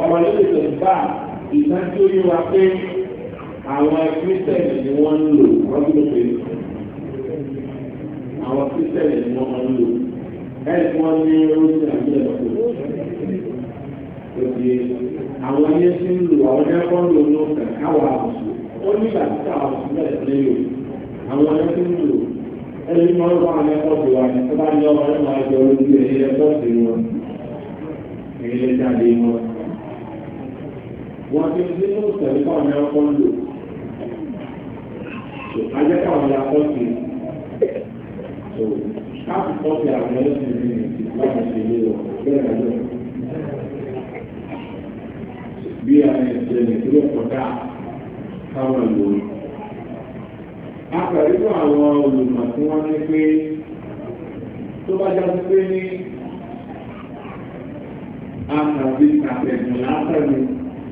[SPEAKER 1] ọ̀rọ̀ ló lè tẹ̀ bá ìdájọ́ yìí wá pé àwọn kírísítẹ̀nì ni wọ́n ń lò wọ́n tó pé àwọn kírísítẹ̀nì ni wọ́n ń lò ẹ̀ wọ́n ní oúnjẹ àti pèsè àwọn yẹn tí ń lò àwọn yẹn kọ́ ń káwà àbùsù ó ní tí káwà àbùsù bẹ̀rẹ̀ sí lò àwọn yẹn tí ń lò ẹni tí wọ́n wà ní tó wà ní tó ní ọmọ rẹ̀ máa lójú ẹ̀yẹ ẹ̀kọ́ sí wọn ẹ̀yẹ jáde wọn. wọ́n ti ní ọ̀sẹ̀ nípa àwọn yẹn ń lò ajẹ́ káwọn yẹn kọ́ sí káàkiri kọ́ sí àwọn yẹn bí ìṣẹ̀lẹ̀ tó lè kọjá káwọn lò ó. Akàrí fún àwọn olùmọ̀ tí wọ́n ní pé tó bá já sí pé ní àkàbí àtẹ̀gùn látẹ̀gùn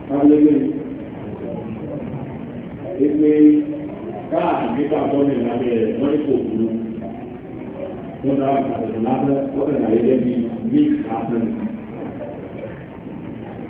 [SPEAKER 1] lálẹ́lẹ́ ìpè káàkiri pàtó ní ìlànà ẹ̀ wọ́n ní kò burú. Wọ́n dá àtẹ̀gùn látẹ̀gùn lálẹ́ bí mí ká.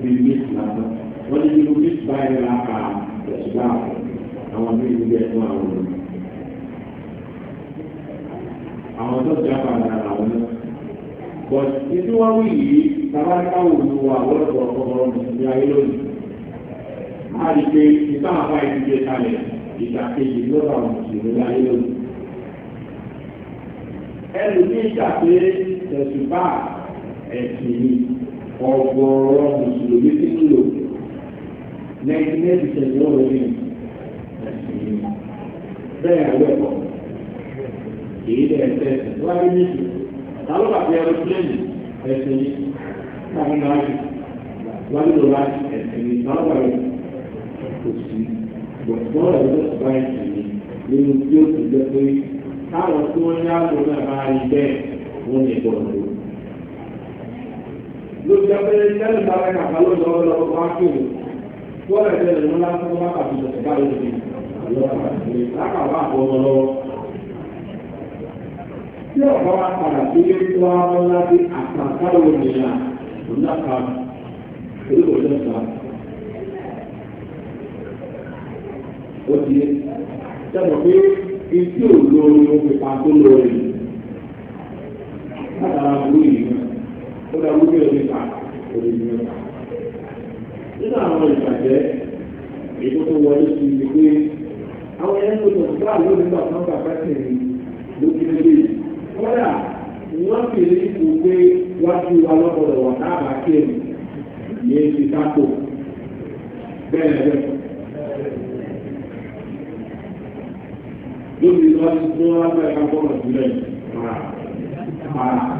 [SPEAKER 1] bíbélì lásán wọ́n ní inú bíbélì báyìí la ka ẹ̀sùn láàbù àwọn mí ìlú bẹ́ẹ̀ fún àwọn ọ̀rọ̀. àwọn tó jà padà àwọn náà bọ̀t títí wọ́n wí yìí tabaríkáwò ló wà lọ́dọ̀ ọ̀rọ̀ ìdí ayé lónìí. a lè pe ìtàn àbá ìdíje kalẹ̀ ìdàkejì lọ́dọ̀ àwọn ìdíje ayé lónìí. ẹlòmíì gbà pé ẹ̀sùn bá ẹ̀sìn yìí ọgọ́rọ̀ mùsùlùmí tí kìlò nẹ́gbẹ́sì tẹ̀lé ọ̀rọ̀ ní bẹ́ẹ̀ àwẹ́kọ̀ èyí lẹ́ ẹ̀fẹ́ wáyé méjì tàbí àti ẹrù plẹ́nì ẹ̀sẹ̀ yìí láti láti
[SPEAKER 2] wáyé lọ láti
[SPEAKER 1] ẹ̀sẹ̀ yìí tàbí àwẹ́ kò sí gbọ̀ngbọ́n rẹ̀ ló ti bá ẹ̀sẹ̀ yìí nínú tí ó ti jẹ́ pé káwọn tí wọ́n ní àgbọ̀n náà bá rí bẹ́ẹ̀ wọ́n ní gbọ̀ngbọ̀n ló jẹ́ pé tẹ́lẹ̀ bá rẹ̀ kàkà ló lọ́wọ́ lọ́wọ́ wá kí òun tó rẹ̀ jẹ́ lè múlá tó wá kàbí lọ́sẹ̀ bá lóde lákàbá àbọ̀ ọmọ lọ́wọ́. Tí ọ̀pọ̀ wa padà sí ilé tó wá mọ́ láti àtàkárò nìyà òǹdàkà èyí kò lẹ́sà. Ó ti sẹ́nu pé etí ò lórí fi pa tó lórí. Látara burú yìí ó dá wípé omi ta omi ní ọ̀tá. nínú àwọn ìbàjẹ́ èyí tó wọlé sí i pé àwọn ẹ̀yẹ́ tó tọ̀ bá lónìí gbà fún bàbá tẹ̀lé lókèlè kọ́dà wọ́n fi rí ipò pé wá sí wa lọ́kọ̀ọ̀dọ̀ wà dáàbà kéèmù ní èsì sápò bẹ́ẹ̀ bẹ́ẹ̀. lóbi lọ́sí tí wọ́n wá fẹ́ ká bọ́ọ̀lù sílẹ̀ para para.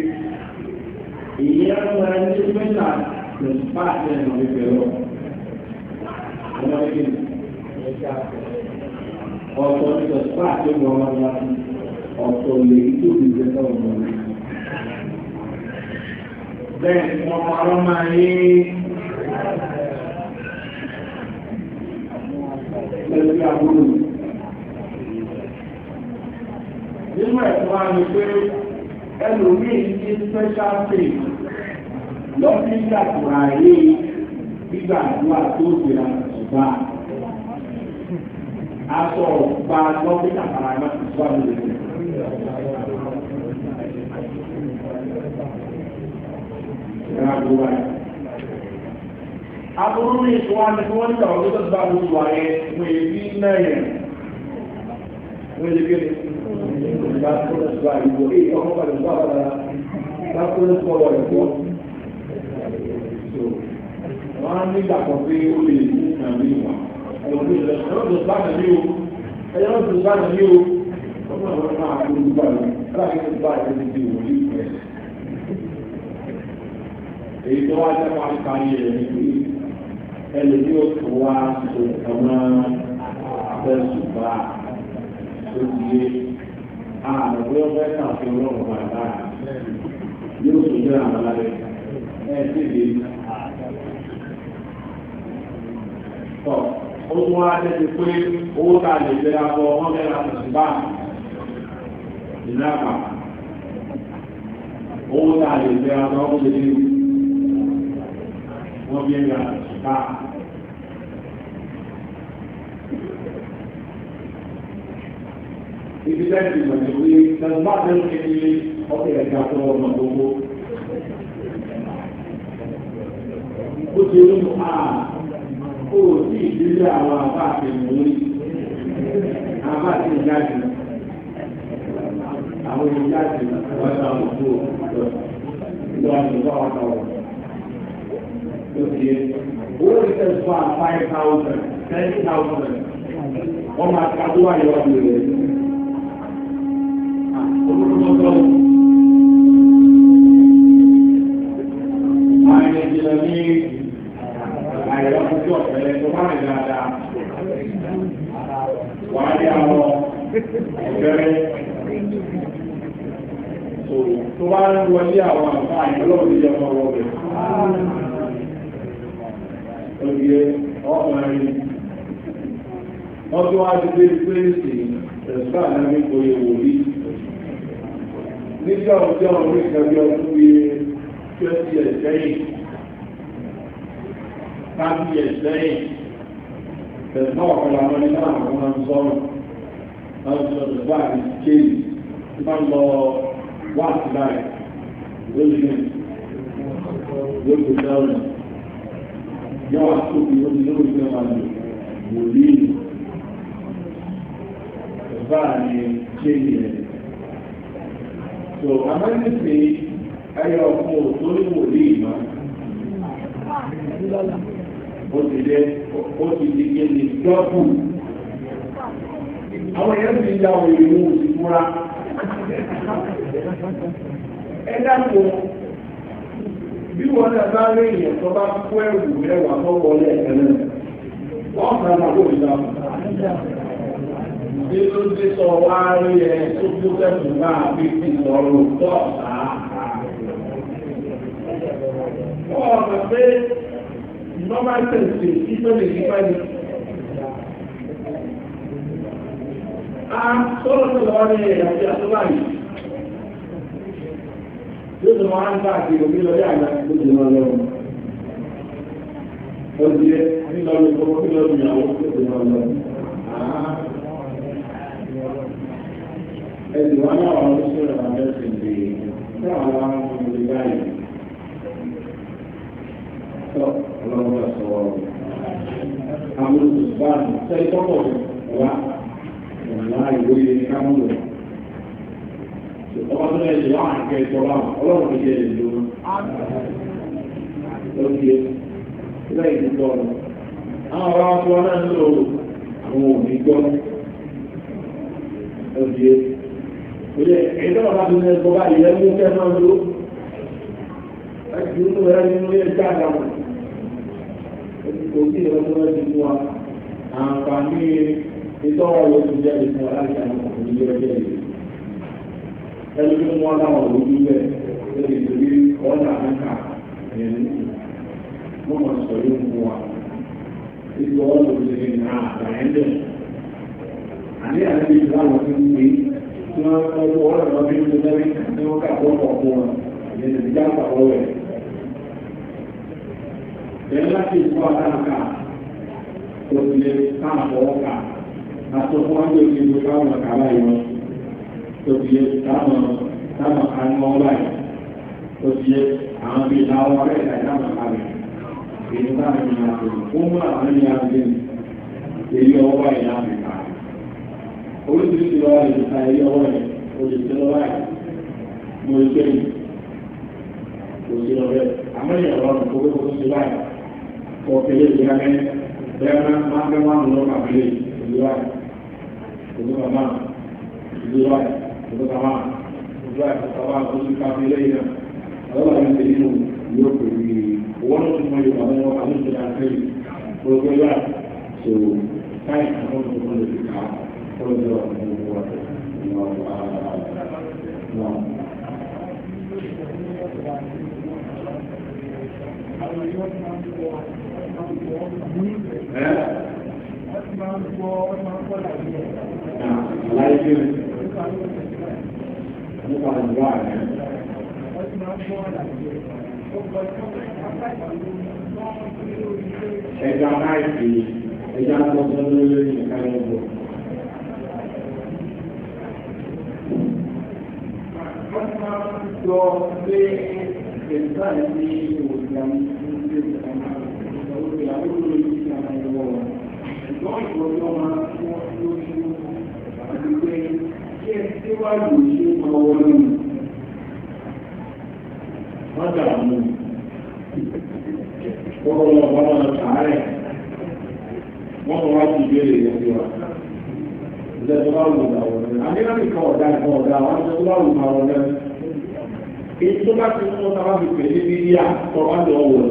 [SPEAKER 1] ìyáwó ẹni tí mẹ́ta lè bá àtẹ ìmọ̀ ìfẹ́ lọ. Ọmọ ìgbìn ọ̀tọ̀ ní sọ̀tọ̀ àti ọmọ ọmọ ọmọ ọ̀tọ̀ lè tó fi jẹ́ sọ̀rọ̀ ọmọ rẹ̀.
[SPEAKER 2] Bẹ́ẹ̀ ni wọ́n parọ́ máa yé lẹ́sí àbúrò. Nínú
[SPEAKER 1] ẹ̀kọ́ wa pé ẹlòmíì ní special page lọ́fíìsà tùràrí gbígbàdúrà tó gbéra ṣùgbà aṣọ ọ̀gbà lọ́fíìsà tàràmà ṣùgbà lórí. Aburú ní ìṣòwò àti fún wọ́n ní àwọn tó gbà wọ́n wà ẹ̀ wọ́n èyí náà yẹn. Wọ́n èyí kéré. Ìgbà tó lọ sí àìwọ̀ èyí ọkọ̀ pàdé ìgbà padà. Ìgbà tó lọ sí ọ̀rọ̀ ìgbọ́ wọ́n á nígbà kan pé ó lè mú nàbí wà ẹ̀wọ̀n tó lọ ẹ̀rọ tó bá nàbí o ẹ̀rọ tó bá nàbí o ọmọ àwọn máa kó gbà lọ láti tó bá ẹ̀rọ tó di wòlíì pẹ̀. èyí tó wá jẹ́ wá parí rẹ̀ ní pé ẹlòmí ò tó wá ṣe ọmọ abẹ́sùnbà tó ti yé ààrùn bóyá ọmọ ẹ̀ka àti ọlọ́run bàbá yóò tó jẹ́ àwọn alẹ́ ẹ̀ tọ̀ ó tún wá tẹ́tí pé owó ta lè lẹ́ra bọ wọ́n lẹ́ra tẹ̀síbà ìlàkà owó ta lè lẹ́ra bọ wọ́n lè wọ́n bí ẹ̀yà tẹ̀síbà. Ibi tẹ́tí ìgbà ni pé tẹ̀síbà tẹ́tí ní ọkẹ́ ẹ̀ka tó ọmọ gbogbo. Ó ti rí mu àà kó sí ìdílé àwọn àbá àtẹ̀wé àbá àti ìjáde àwọn ìjáde wọ́n àwùjọ lọ àwùjọ ọ̀tọ̀ lókè owó ìtẹ̀sọ́ à five thousand ten thousand wọ́n máa àyọ̀ ọ̀gbìn rẹ̀ olùkọ́tọ̀ wọlé àwọn àpá àyọ́lọ́wọ́ ní ọmọ ọgbẹ̀. Oye ọmọrin, wọ́n tó wá ti pé pẹ́lẹ́sì ẹ̀sùn àdáwé kò yẹ wòlí. Nígbà ọjọ́ orí ìgbàgbé ọdún bí twenty years lẹ́yìn, thirty years lẹ́yìn, ẹ̀sùn ọ̀pọ̀lọpọ̀ àwọn ẹ̀sùn àwọn ọmọ sọ́rọ̀, àwọn lọ wá sí báyìí lójúmọ̀ lójú dáwọn yọ́wà tó bí ó ní lórí náà wà ní wòlí ẹ̀fà ní kéèyì rẹ̀ so amáyẹ́sì ayọ̀ ọkọ̀ tó ní wòlí ìmọ̀ ó ti jẹ́ ó ti di kéèyì dọ́kù àwọn èèyàn ti ń dá òye mú fúra ẹ dákun bí wọn náà bá rí èèyàn tó bá kó ẹrù ẹwà tó wọlé ẹ̀kẹ́ náà wọ́n kàn máa kó ìdá bí ló dé sọ wá rí ẹ tó tó tẹ̀sùn máa fi ti sọ̀rọ̀ tó ọ̀tá.
[SPEAKER 2] wọ́n mọ̀ pé
[SPEAKER 1] normal tẹ̀sí
[SPEAKER 2] sí tó lè yí pẹ́lú. a sọ̀rọ̀ tó lọ́wọ́ ní ẹ̀yà tí a tó báyìí yóò tó
[SPEAKER 1] máa ń bá àti ìròmí lọ́lé àgbà tó jù lọ lọ́wọ́ ó ẹ nílọ ní kí lọ́dún ìyàwó tó jù lọ lọ́wọ́ ẹ̀sìn wọn náà wọn ló ṣe ìrànlọ́wọ́ ẹ̀sìn lè ní àwọn àwọn ọmọdé báyìí tó ọlọ́wọ́ sọ àwọn olùsùn bá ń tẹ́ tọ́pọ̀ wá ìwà ìwé kámúlò ọba tó lẹ́yìn ìyá àwọn akẹ́ ìjọba ọlọ́run ti jẹ́ ìlú lókè lẹ́yìn ìdúgbò ọ̀rọ̀. àwọn ọba tó wọn náà ń lò àwọn òbí gbọ́ lókè. ìlẹ̀ ìjọba ọba tó lẹ́yìn ìjọba ìlẹ̀ mú kẹ́ máa ń lò láti inú rẹ̀ nínú ilé ìjà àdàmọ̀. kò sí ìrọ̀ tó lẹ́yìn ìjọba àǹfààní ìtọ́wọ̀ yóò tún jẹ́ ìfún ọ̀la ìjà àdàmọ̀ òní jẹ́ ìjọba ẹni tó wọ́n láwọn òwúrú bẹ́ẹ̀ lórí ìtòrí ọ̀nà àmẹ́ta ẹ̀yẹn mọ́ mọ̀ sọ yóò mú wa ipò ọ̀nà òṣèré ní àgbàyẹ́ndẹ̀ àní àti ìlànà tó ń gbé tí wọ́n ń lọ́wọ́ ọ̀nà tó ń gbé lórí ní wọ́n kà fọ́ọ̀kọ̀ fún wọn ìyẹn ti já pàwọ́ rẹ̀ ẹ̀yẹn láti ìfọ́ àtàkà òṣèré táà fọ́ọ̀kà àtọ́fọ́ òbíye táwọn táwọn àwọn ọba yìí òbíye àwọn bíi táwọn ọba yìí láti táwọn ọba yìí èyí táwọn ènìyàn àti òmù àwọn ènìyàn àti èyí ọba yìí láti ká oríṣiríṣi ọba yìí ta èyí ọba yìí òṣìṣẹ́ ọba yìí mo lè gbé yìí òṣìṣẹ́ ọba yìí àmọ́ ìyàwó ọ̀nà kó kó ṣe báyìí ọ̀kẹ́lẹ́ ìyá mẹ́rin bẹ́ẹ̀ máa ń bẹ́ wọn lọ́ọ́ kàwé ìlú báyìí ìlú bàbá ìlú báyìí ìgbọ́tàwà
[SPEAKER 2] ìjọ nípa ìlú ààrẹ. Ẹja
[SPEAKER 1] láìpé ẹja tọ́jọ́ lórí ìkàlẹ̀ ọ̀gbọ̀n. Wọ́n máa ń sọ pé ìgbà ní òṣìṣẹ́ ìlú ìjọba ìjọba ìjọba ìjọba ìjọba ìjọba ìjọba
[SPEAKER 2] fáàlù sí ọwọ́ wọ́n
[SPEAKER 1] dààmú kọ́kọ́ lọ bá wọn sàárẹ̀ wọ́n mọ̀ wá sí ìbéèrè yẹn wa ìjọba bá wù kan ọ̀dà kan ọ̀dà wọn ìjọba bá wù ọ̀dà wọlé èyí tó bá mú ọ̀dà wọn fi pèlè ní yíyá kọ́ wọlé.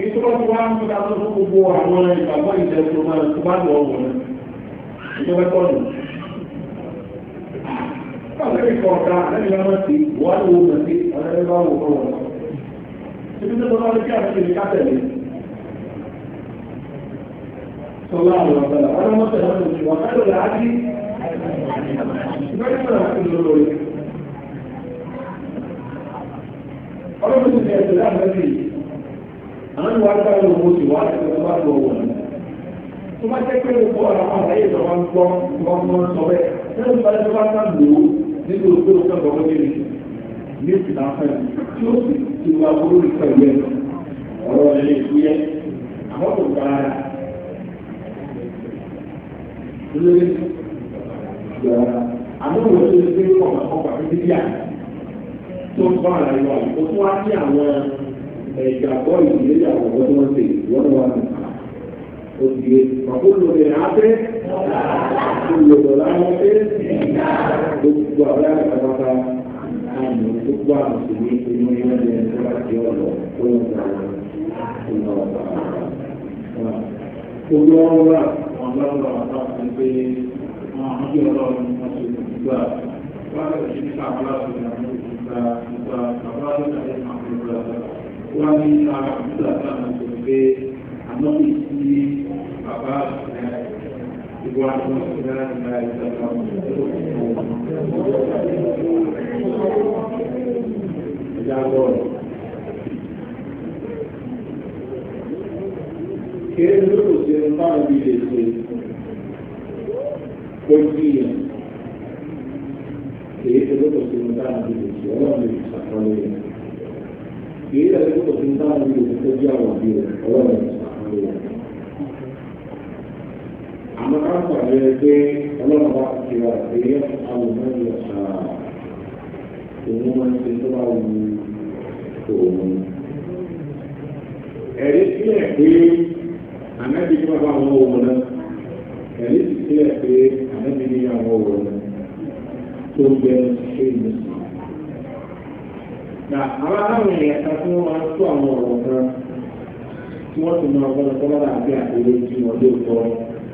[SPEAKER 1] èyí ti wá ń gbọ́dọ̀ fún gbogbo àwọn ìgbàgbọ́ ìjẹun tó máa ń tó bá lọ wọlé tó fẹ́ kọ́ nù. Àlẹ́bí kọ ọ̀ta àlẹ́bí lọ́mọ sí wà ló wò sí àlẹ́bí bá wò kọ́ wọn. Ibi tó tọ́lá ní kí àti ìdí kátẹ̀lé. Sọlá àwọn ọ̀gbẹ́lá, wọ́n mọ̀ tẹ̀lé wọn lòdì wọ́n kátó lè ájí. Ìgbẹ́ni sọ̀rọ̀ àti lórí.
[SPEAKER 2] Ọlọ́run ti fi ẹ̀sẹ̀
[SPEAKER 1] láti ẹ̀sẹ̀ yìí. Àwọn ìwà ń bá wọn lò wọ́n sì wá ẹ̀sẹ̀ wọn bá lọ wọ̀ ní tó bá jẹ́ pé gbogbo ọ̀rọ̀ àwọn àlàyé ìjọba ń gbọ́ gbọ́ngbọ́n sọ bẹ́ẹ̀ nínú tó bá ń sàn lò ó nínú òkú òkú ọ̀gbọ̀n tó kéré ní èsì náà tí ó sì ti wá burú ní pẹ̀lú ọ̀rọ̀ ilé ìfúyẹ́ àwọn kò gba ara lórí ìgbàlá àmọ́ ìwé tó lè gbé ọ̀gá ọgbà tó ti yà tó ń bá àlàyé wa ó wá sí àwọn ẹ̀gbàgbọ́ ìdílé àwọn ọ̀gbọ́n tó ń وكل بدعة كل ضلالة gbogbo àwọn àgbàlagbà àmì gbogbo àwọn òṣèlú inú ilé ẹgbẹ́ ẹgbẹ́ láti ọ̀dọ̀ tó ń gbà wọn tó ń lọ bá wọn. gbogbo wọn wà wọn lọ́wọ́ àwọn àti pé wọn àwọn bí ọlọ́run wọn ṣe lè gbà wọn lè ṣe nípa àbúrò àti ìlànà ìgbà ìgbà bàbá àti ìlànà ìgbà ìgbà wọn ní àbúrò àti àmọ̀ ìgbà pé àmọ́ kì í sí أبائنا إخواننا ما يتقون Querendo você não obedecer, confia. Querendo você não obedecer, homem, sacoleiro. Querendo você não obedecer, diabo, Deus, homem, sacoleiro máa ń pàdé pé ọlọ́run bá ti wà pé àwọn ọmọ yẹn ṣá òun máa ń ṣe tó bá wu òun. ẹ̀rí sílẹ̀ pé ànábi tó bá wọn òun náà ẹ̀rí sílẹ̀ pé ànábi ní àwọn òun náà tó gbẹ ṣé ìmùsùn. Nà àwọn wọ́n ti máa gbọ́dọ̀ tọ́lá àti àtẹ̀lé tí wọ́n lè tọ́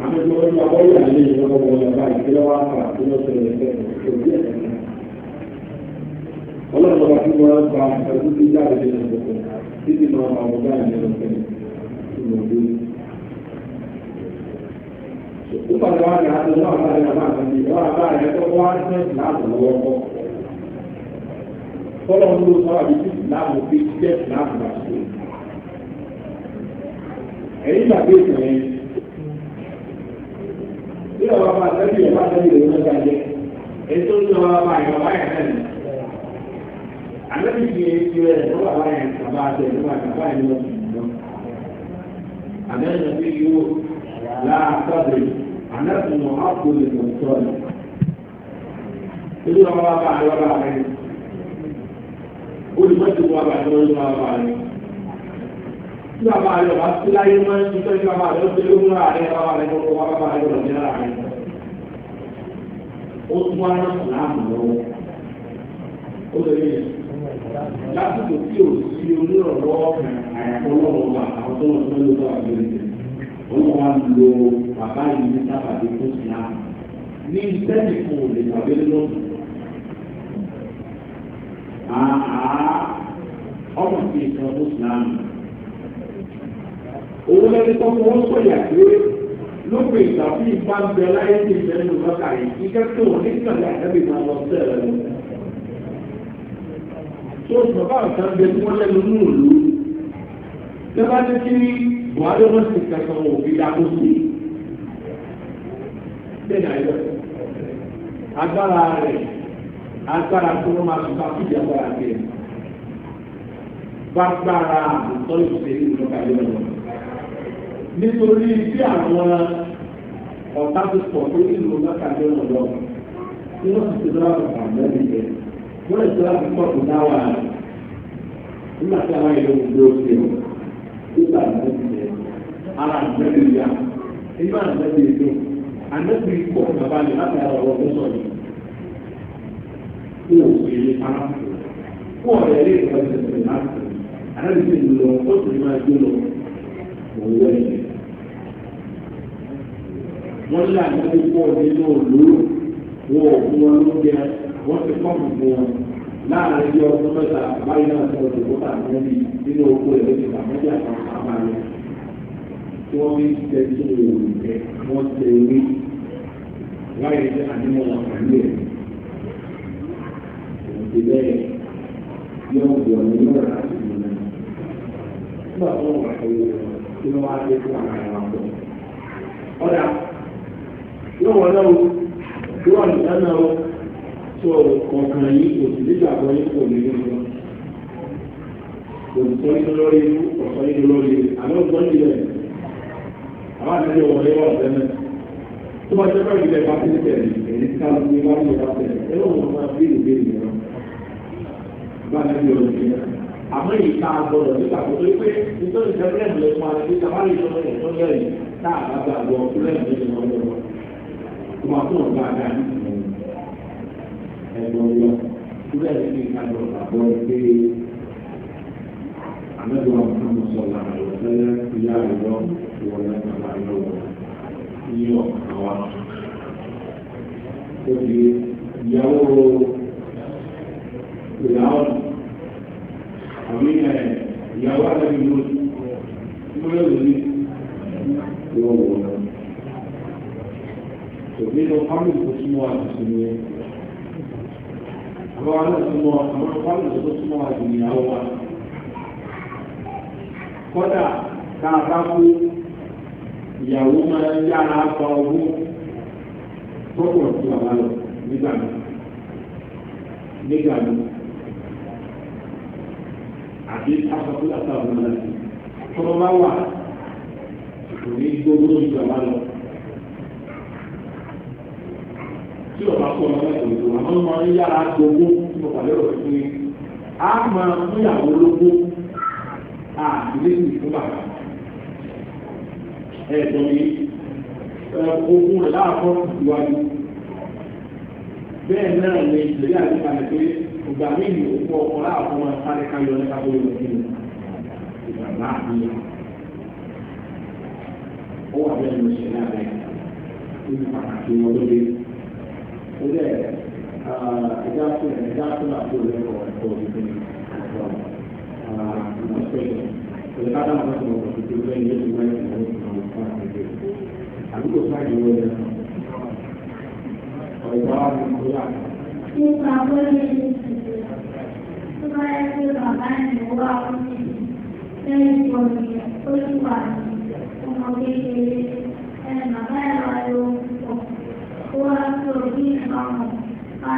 [SPEAKER 1] ọlọ́run ọba tí wọ́n gba ẹ̀kú tí jáde ní ọ̀pọ̀ títí máa ma wọ báyìí ní ọ̀pẹ̀ ìmọ̀lẹ́. ó padà wá ní àti wọ́n àbáyé àbáyé wọ́n àbáyé tó wá ní láàbù lọ́wọ́ fọlọ́run ló sọ àbí títí láàbù fi jẹ́ láàbù àti èyí gbàgbé ìtàn yẹn bí ọ̀rọ̀ ọmọ àtẹ́bí ẹ̀ tẹ́lẹ̀ ìwé ọjà jẹ́ ètò ìjọ ọmọ àyọ̀ báyà náà fi ti rẹ̀ tó wà báyà bàbá àti ẹ̀dọ́ àti bàbá ẹ̀ lọ sí ìlú fi yíwó láàtọ́dẹ̀ àlẹ́bí mọ̀ ápòlè mọ̀ tọ́lẹ̀ ìjọ ọmọ bàbá àyọ̀ bàbá rẹ̀ olùmọ̀tò wà bàbá àyọ̀ bàbá rẹ̀ tí bàbá rẹ̀ wá sí láyé máa ń ṣiṣẹ́ tí bàbá rẹ̀ ó ṣe lógún ààrẹ bàbá rẹ̀ lọ́kọ̀ wá bàbá rẹ̀ lọ́kọ̀ ní ààrẹ. ó tún wá rán sùlámù lọ́wọ́ ó lè rí lásìkò tí ò sí onírànlọ́wọ́ àyàfọ́ lọ́wọ́ wa àwọn tó wọn tó ń lọ àgbèrè wọn wá lo bàbá yìí ní sábàbí fún sùlámù ní sẹ́ẹ̀lì fún òde tàbí lọ́sùn ọmọ sí ìtàn fún sùlámù òun lẹ́ni tó fún wọn sọ̀yà pé lópin ìtàkùn ìfà ń bẹ láyé ní ìfẹ́ nínú lọ́kà yìí kíkẹ́ tó wọn ní ìtàkùn àtẹ́bí máa lọ sí ẹ̀rọ lọ. tó bàbá àtà ń bẹ tí wọ́n lẹ́nu ní òlu tẹ́lá ní kí buhari wọn sì kẹsàn án òfin dáko sí i. bẹ́ẹ̀ náà agbára rẹ̀ agbára tó wọ́n máa tún bá fìdí agbára bá gbára àtúntọ́ ìṣèlú lọ́kà yìí lọ́wọ́. nítorí tí àwọn ọ̀tá ti pọ̀ tó nílò lákàtí ọ̀nà lọ tí wọ́n ti ti lọ́wọ́ àgbà lẹ́nu yẹn wọ́n lè ti láti pọ̀ tó nígbà tí àwọn ìlú ìlú òkè ọ̀ nígbà lẹ́nu yẹn ara àgbẹ̀lẹ̀ yá nígbà àgbẹ̀lẹ̀ ìlú pọ̀ bàbá mi láti ara ọ̀rọ̀ tó yìí o sì lè kó láti wọ́n là ní púpọ̀ nínú òlú wọn ò fún wọn lóúnjẹ wọ́n ti pọ́ọ̀pù fún wọn láàrin ilé ọdún mẹ́ta báyìí náà sọ ọdún tó tà ní ẹbí nínú oko ẹ̀ lórí ìgbàmọ́jì tí wọ́n fi jẹ yóò wọ́n náà yóò wà nígbà náà tó ọ̀kan yìí kò sí nígbà kan yìí kò ní nínú wọn. Òtítọ́ nínú lórí ọ̀sán nínú lórí àmọ́ ọ̀gbọ́n nílẹ̀ àwọn àtẹ́jọ́ wọn lé wà tẹ́lẹ̀. Tó bá jẹ́ bẹ́ẹ̀ bá ti tẹ̀lé èyí ká ló ní wá ní ìlà ẹ lọ́wọ́ wọn máa bí ìgbé ìlú bá ní ìlú ìlú àmọ́ ìta gbọdọ̀ nípa kò tó pé nítorí ìfẹ́ rẹ̀ lè àti ìta wá lè sọ kó máa tó ọ̀gá àgbà ní ìlú ẹ̀gbọ́n yọ síbẹ̀ ní ìkájọ àbọ̀ pé àmẹ́bí wa fún mi sọ̀rọ̀ àlọ́ lẹ́yìn ìyá àlọ́ ìwọlé bàbá lọ́wọ́ ní ọ̀kan wa. Ó di ìyàwó ìyàwó àmì ìyàwó àlẹ́ ìlú ìmúlẹ̀ òní yóò wọ̀ tó fámì tó súnmọ́ àtúnṣe ni àwọn aláìsúnmọ́ àwọn fámì tó súnmọ́ àtúnṣe ni àwọn wa kọ́dà dáadáa kú ìyàwó máa ń yára pa owó tó pọ̀ sí bàbá lọ nígbà náà nígbà náà àti asọ̀tún àtàwọn ọmọ náà tọ́lọ́ bá wà kò ní gbogbo ìgbà wà lọ. tí ọba kọ ọmọ ẹgbẹ́ ìlú àmọ́ ọmọ ní yàrá gbogbo tí mo pàdé ọ̀rọ̀ fún mi a máa mú ìyàwó lógó a ilé ìlú fún bàbá ẹ̀dọ́ mi ogun rẹ̀ láàkọ́ ìwádìí bẹ́ẹ̀ náà ni ìṣẹ̀lẹ̀ àti ìpàdé pé ọgbà mí ni òkú ọkọ̀ láàkọ́ máa sáré káyọ̀ nípa tó yẹ kí ni ìgbà náà ni ó wà bẹ́ẹ̀ ni ìṣẹ̀lẹ̀ àbẹ̀ ìpàdé ọdún ilé ẹ̀dá fún ẹ̀dá fún àpò ìlẹ́kọ̀ọ́ tó lẹ́yìn lẹ́yìn lẹ́yìn lẹ́yìn lẹ́yìn fún àwọn ìdè àdúgbò sáàyè wọlé
[SPEAKER 2] ọ̀gá nìkóyà. nípa bóyá ní tó bá yẹ kí bàbá yẹn wá ọmọ lẹ́yìn ìwọ̀n yẹn ó ti wà ní ọmọ kékeré ẹ̀ bàbá yẹn wá ló ń ọrùn ká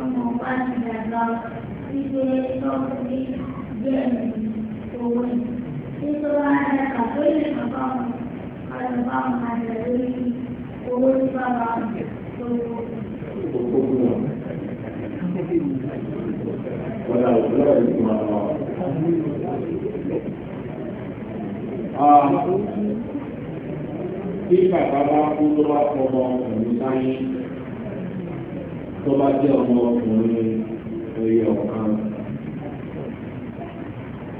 [SPEAKER 2] ọmọ bá ti dàgbà wípé lọ́kùnrin jẹ́ òwe wọn á dàgbà tó lè bàbá wọn kọlu bá wọn owó tí bàbá wọn tó wọ. Wọ́n
[SPEAKER 1] á bàbá bá kú ló wá fọmọ ọ̀hún sáyé tó bá jẹ́ ọmọ ọkùnrin ọ̀kan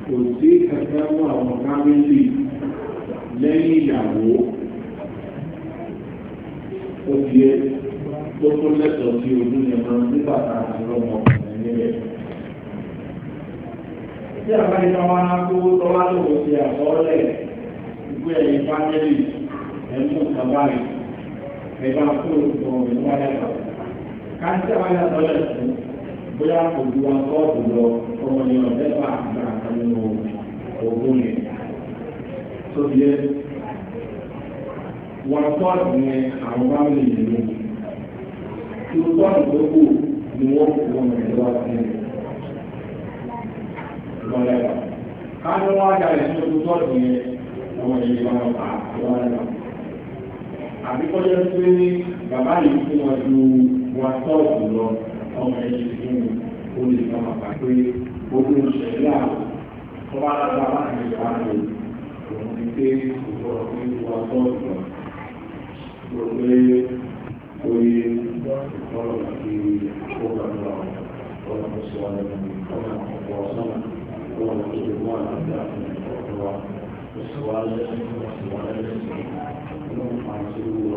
[SPEAKER 1] kò sí ẹ̀fẹ́ mú àwọn kámẹ́lì lẹ́yìn ìyàwó ó di é tó tún lẹ́tọ̀ọ́ sí ojú yẹn máa nígbà tá a ti rọ́mọ ọkùnrin nílẹ̀. tí àbájá wa kó tọ́lá lòun ti àkọọ́lẹ̀ ìgbé ẹ̀yìn fámẹ́lì ẹ̀mú kàbáyì ẹ̀bá kúrò ọ̀rọ̀ ìwádàá káṣí àwọn yà sí bóyá kò wa kọ́ọ̀tù lọ ọmọ yẹn bá àgbà nínú ogún yẹn tó fi yẹ wọn kọ́ọ̀tù yẹn àwọn bá mi lè lò tí o kọ́ọ̀tù tó kù ni wọ́n kò wọ́n mọ̀ lọ́wọ́ sí i lọ́lẹ̀ wa káṣí wọn ajá rẹ̀ tó tó kọ́ọ̀tù yẹn ọmọ bá wọn fà á lọ́lẹ̀ àbíkọ́jọ́ pé bàbá yìí fún wọn ju wà tọ́ọ̀tù lọ ọmọ ẹni fún un ó lè fọmọ pàpé gbogbo ìṣẹ̀lẹ̀ àwọn ọba àgbà láti ìgbà rẹ̀ òun ti pé òwò ọ̀pẹ wà tọ́ọ̀tù lọ. Mo pé oye ọ̀rọ̀ àti ọ̀gá lọ ọ̀rọ̀ tó sọ ọ̀rọ̀
[SPEAKER 2] ọ̀rọ̀ ọ̀pọ̀ ọ̀sán ọ̀rọ̀ tó lè wà láti àti ọ̀rọ̀ wa. Mo sọ wá lẹ́sìn ọ̀sán wá lẹ́sìn ọ̀rọ̀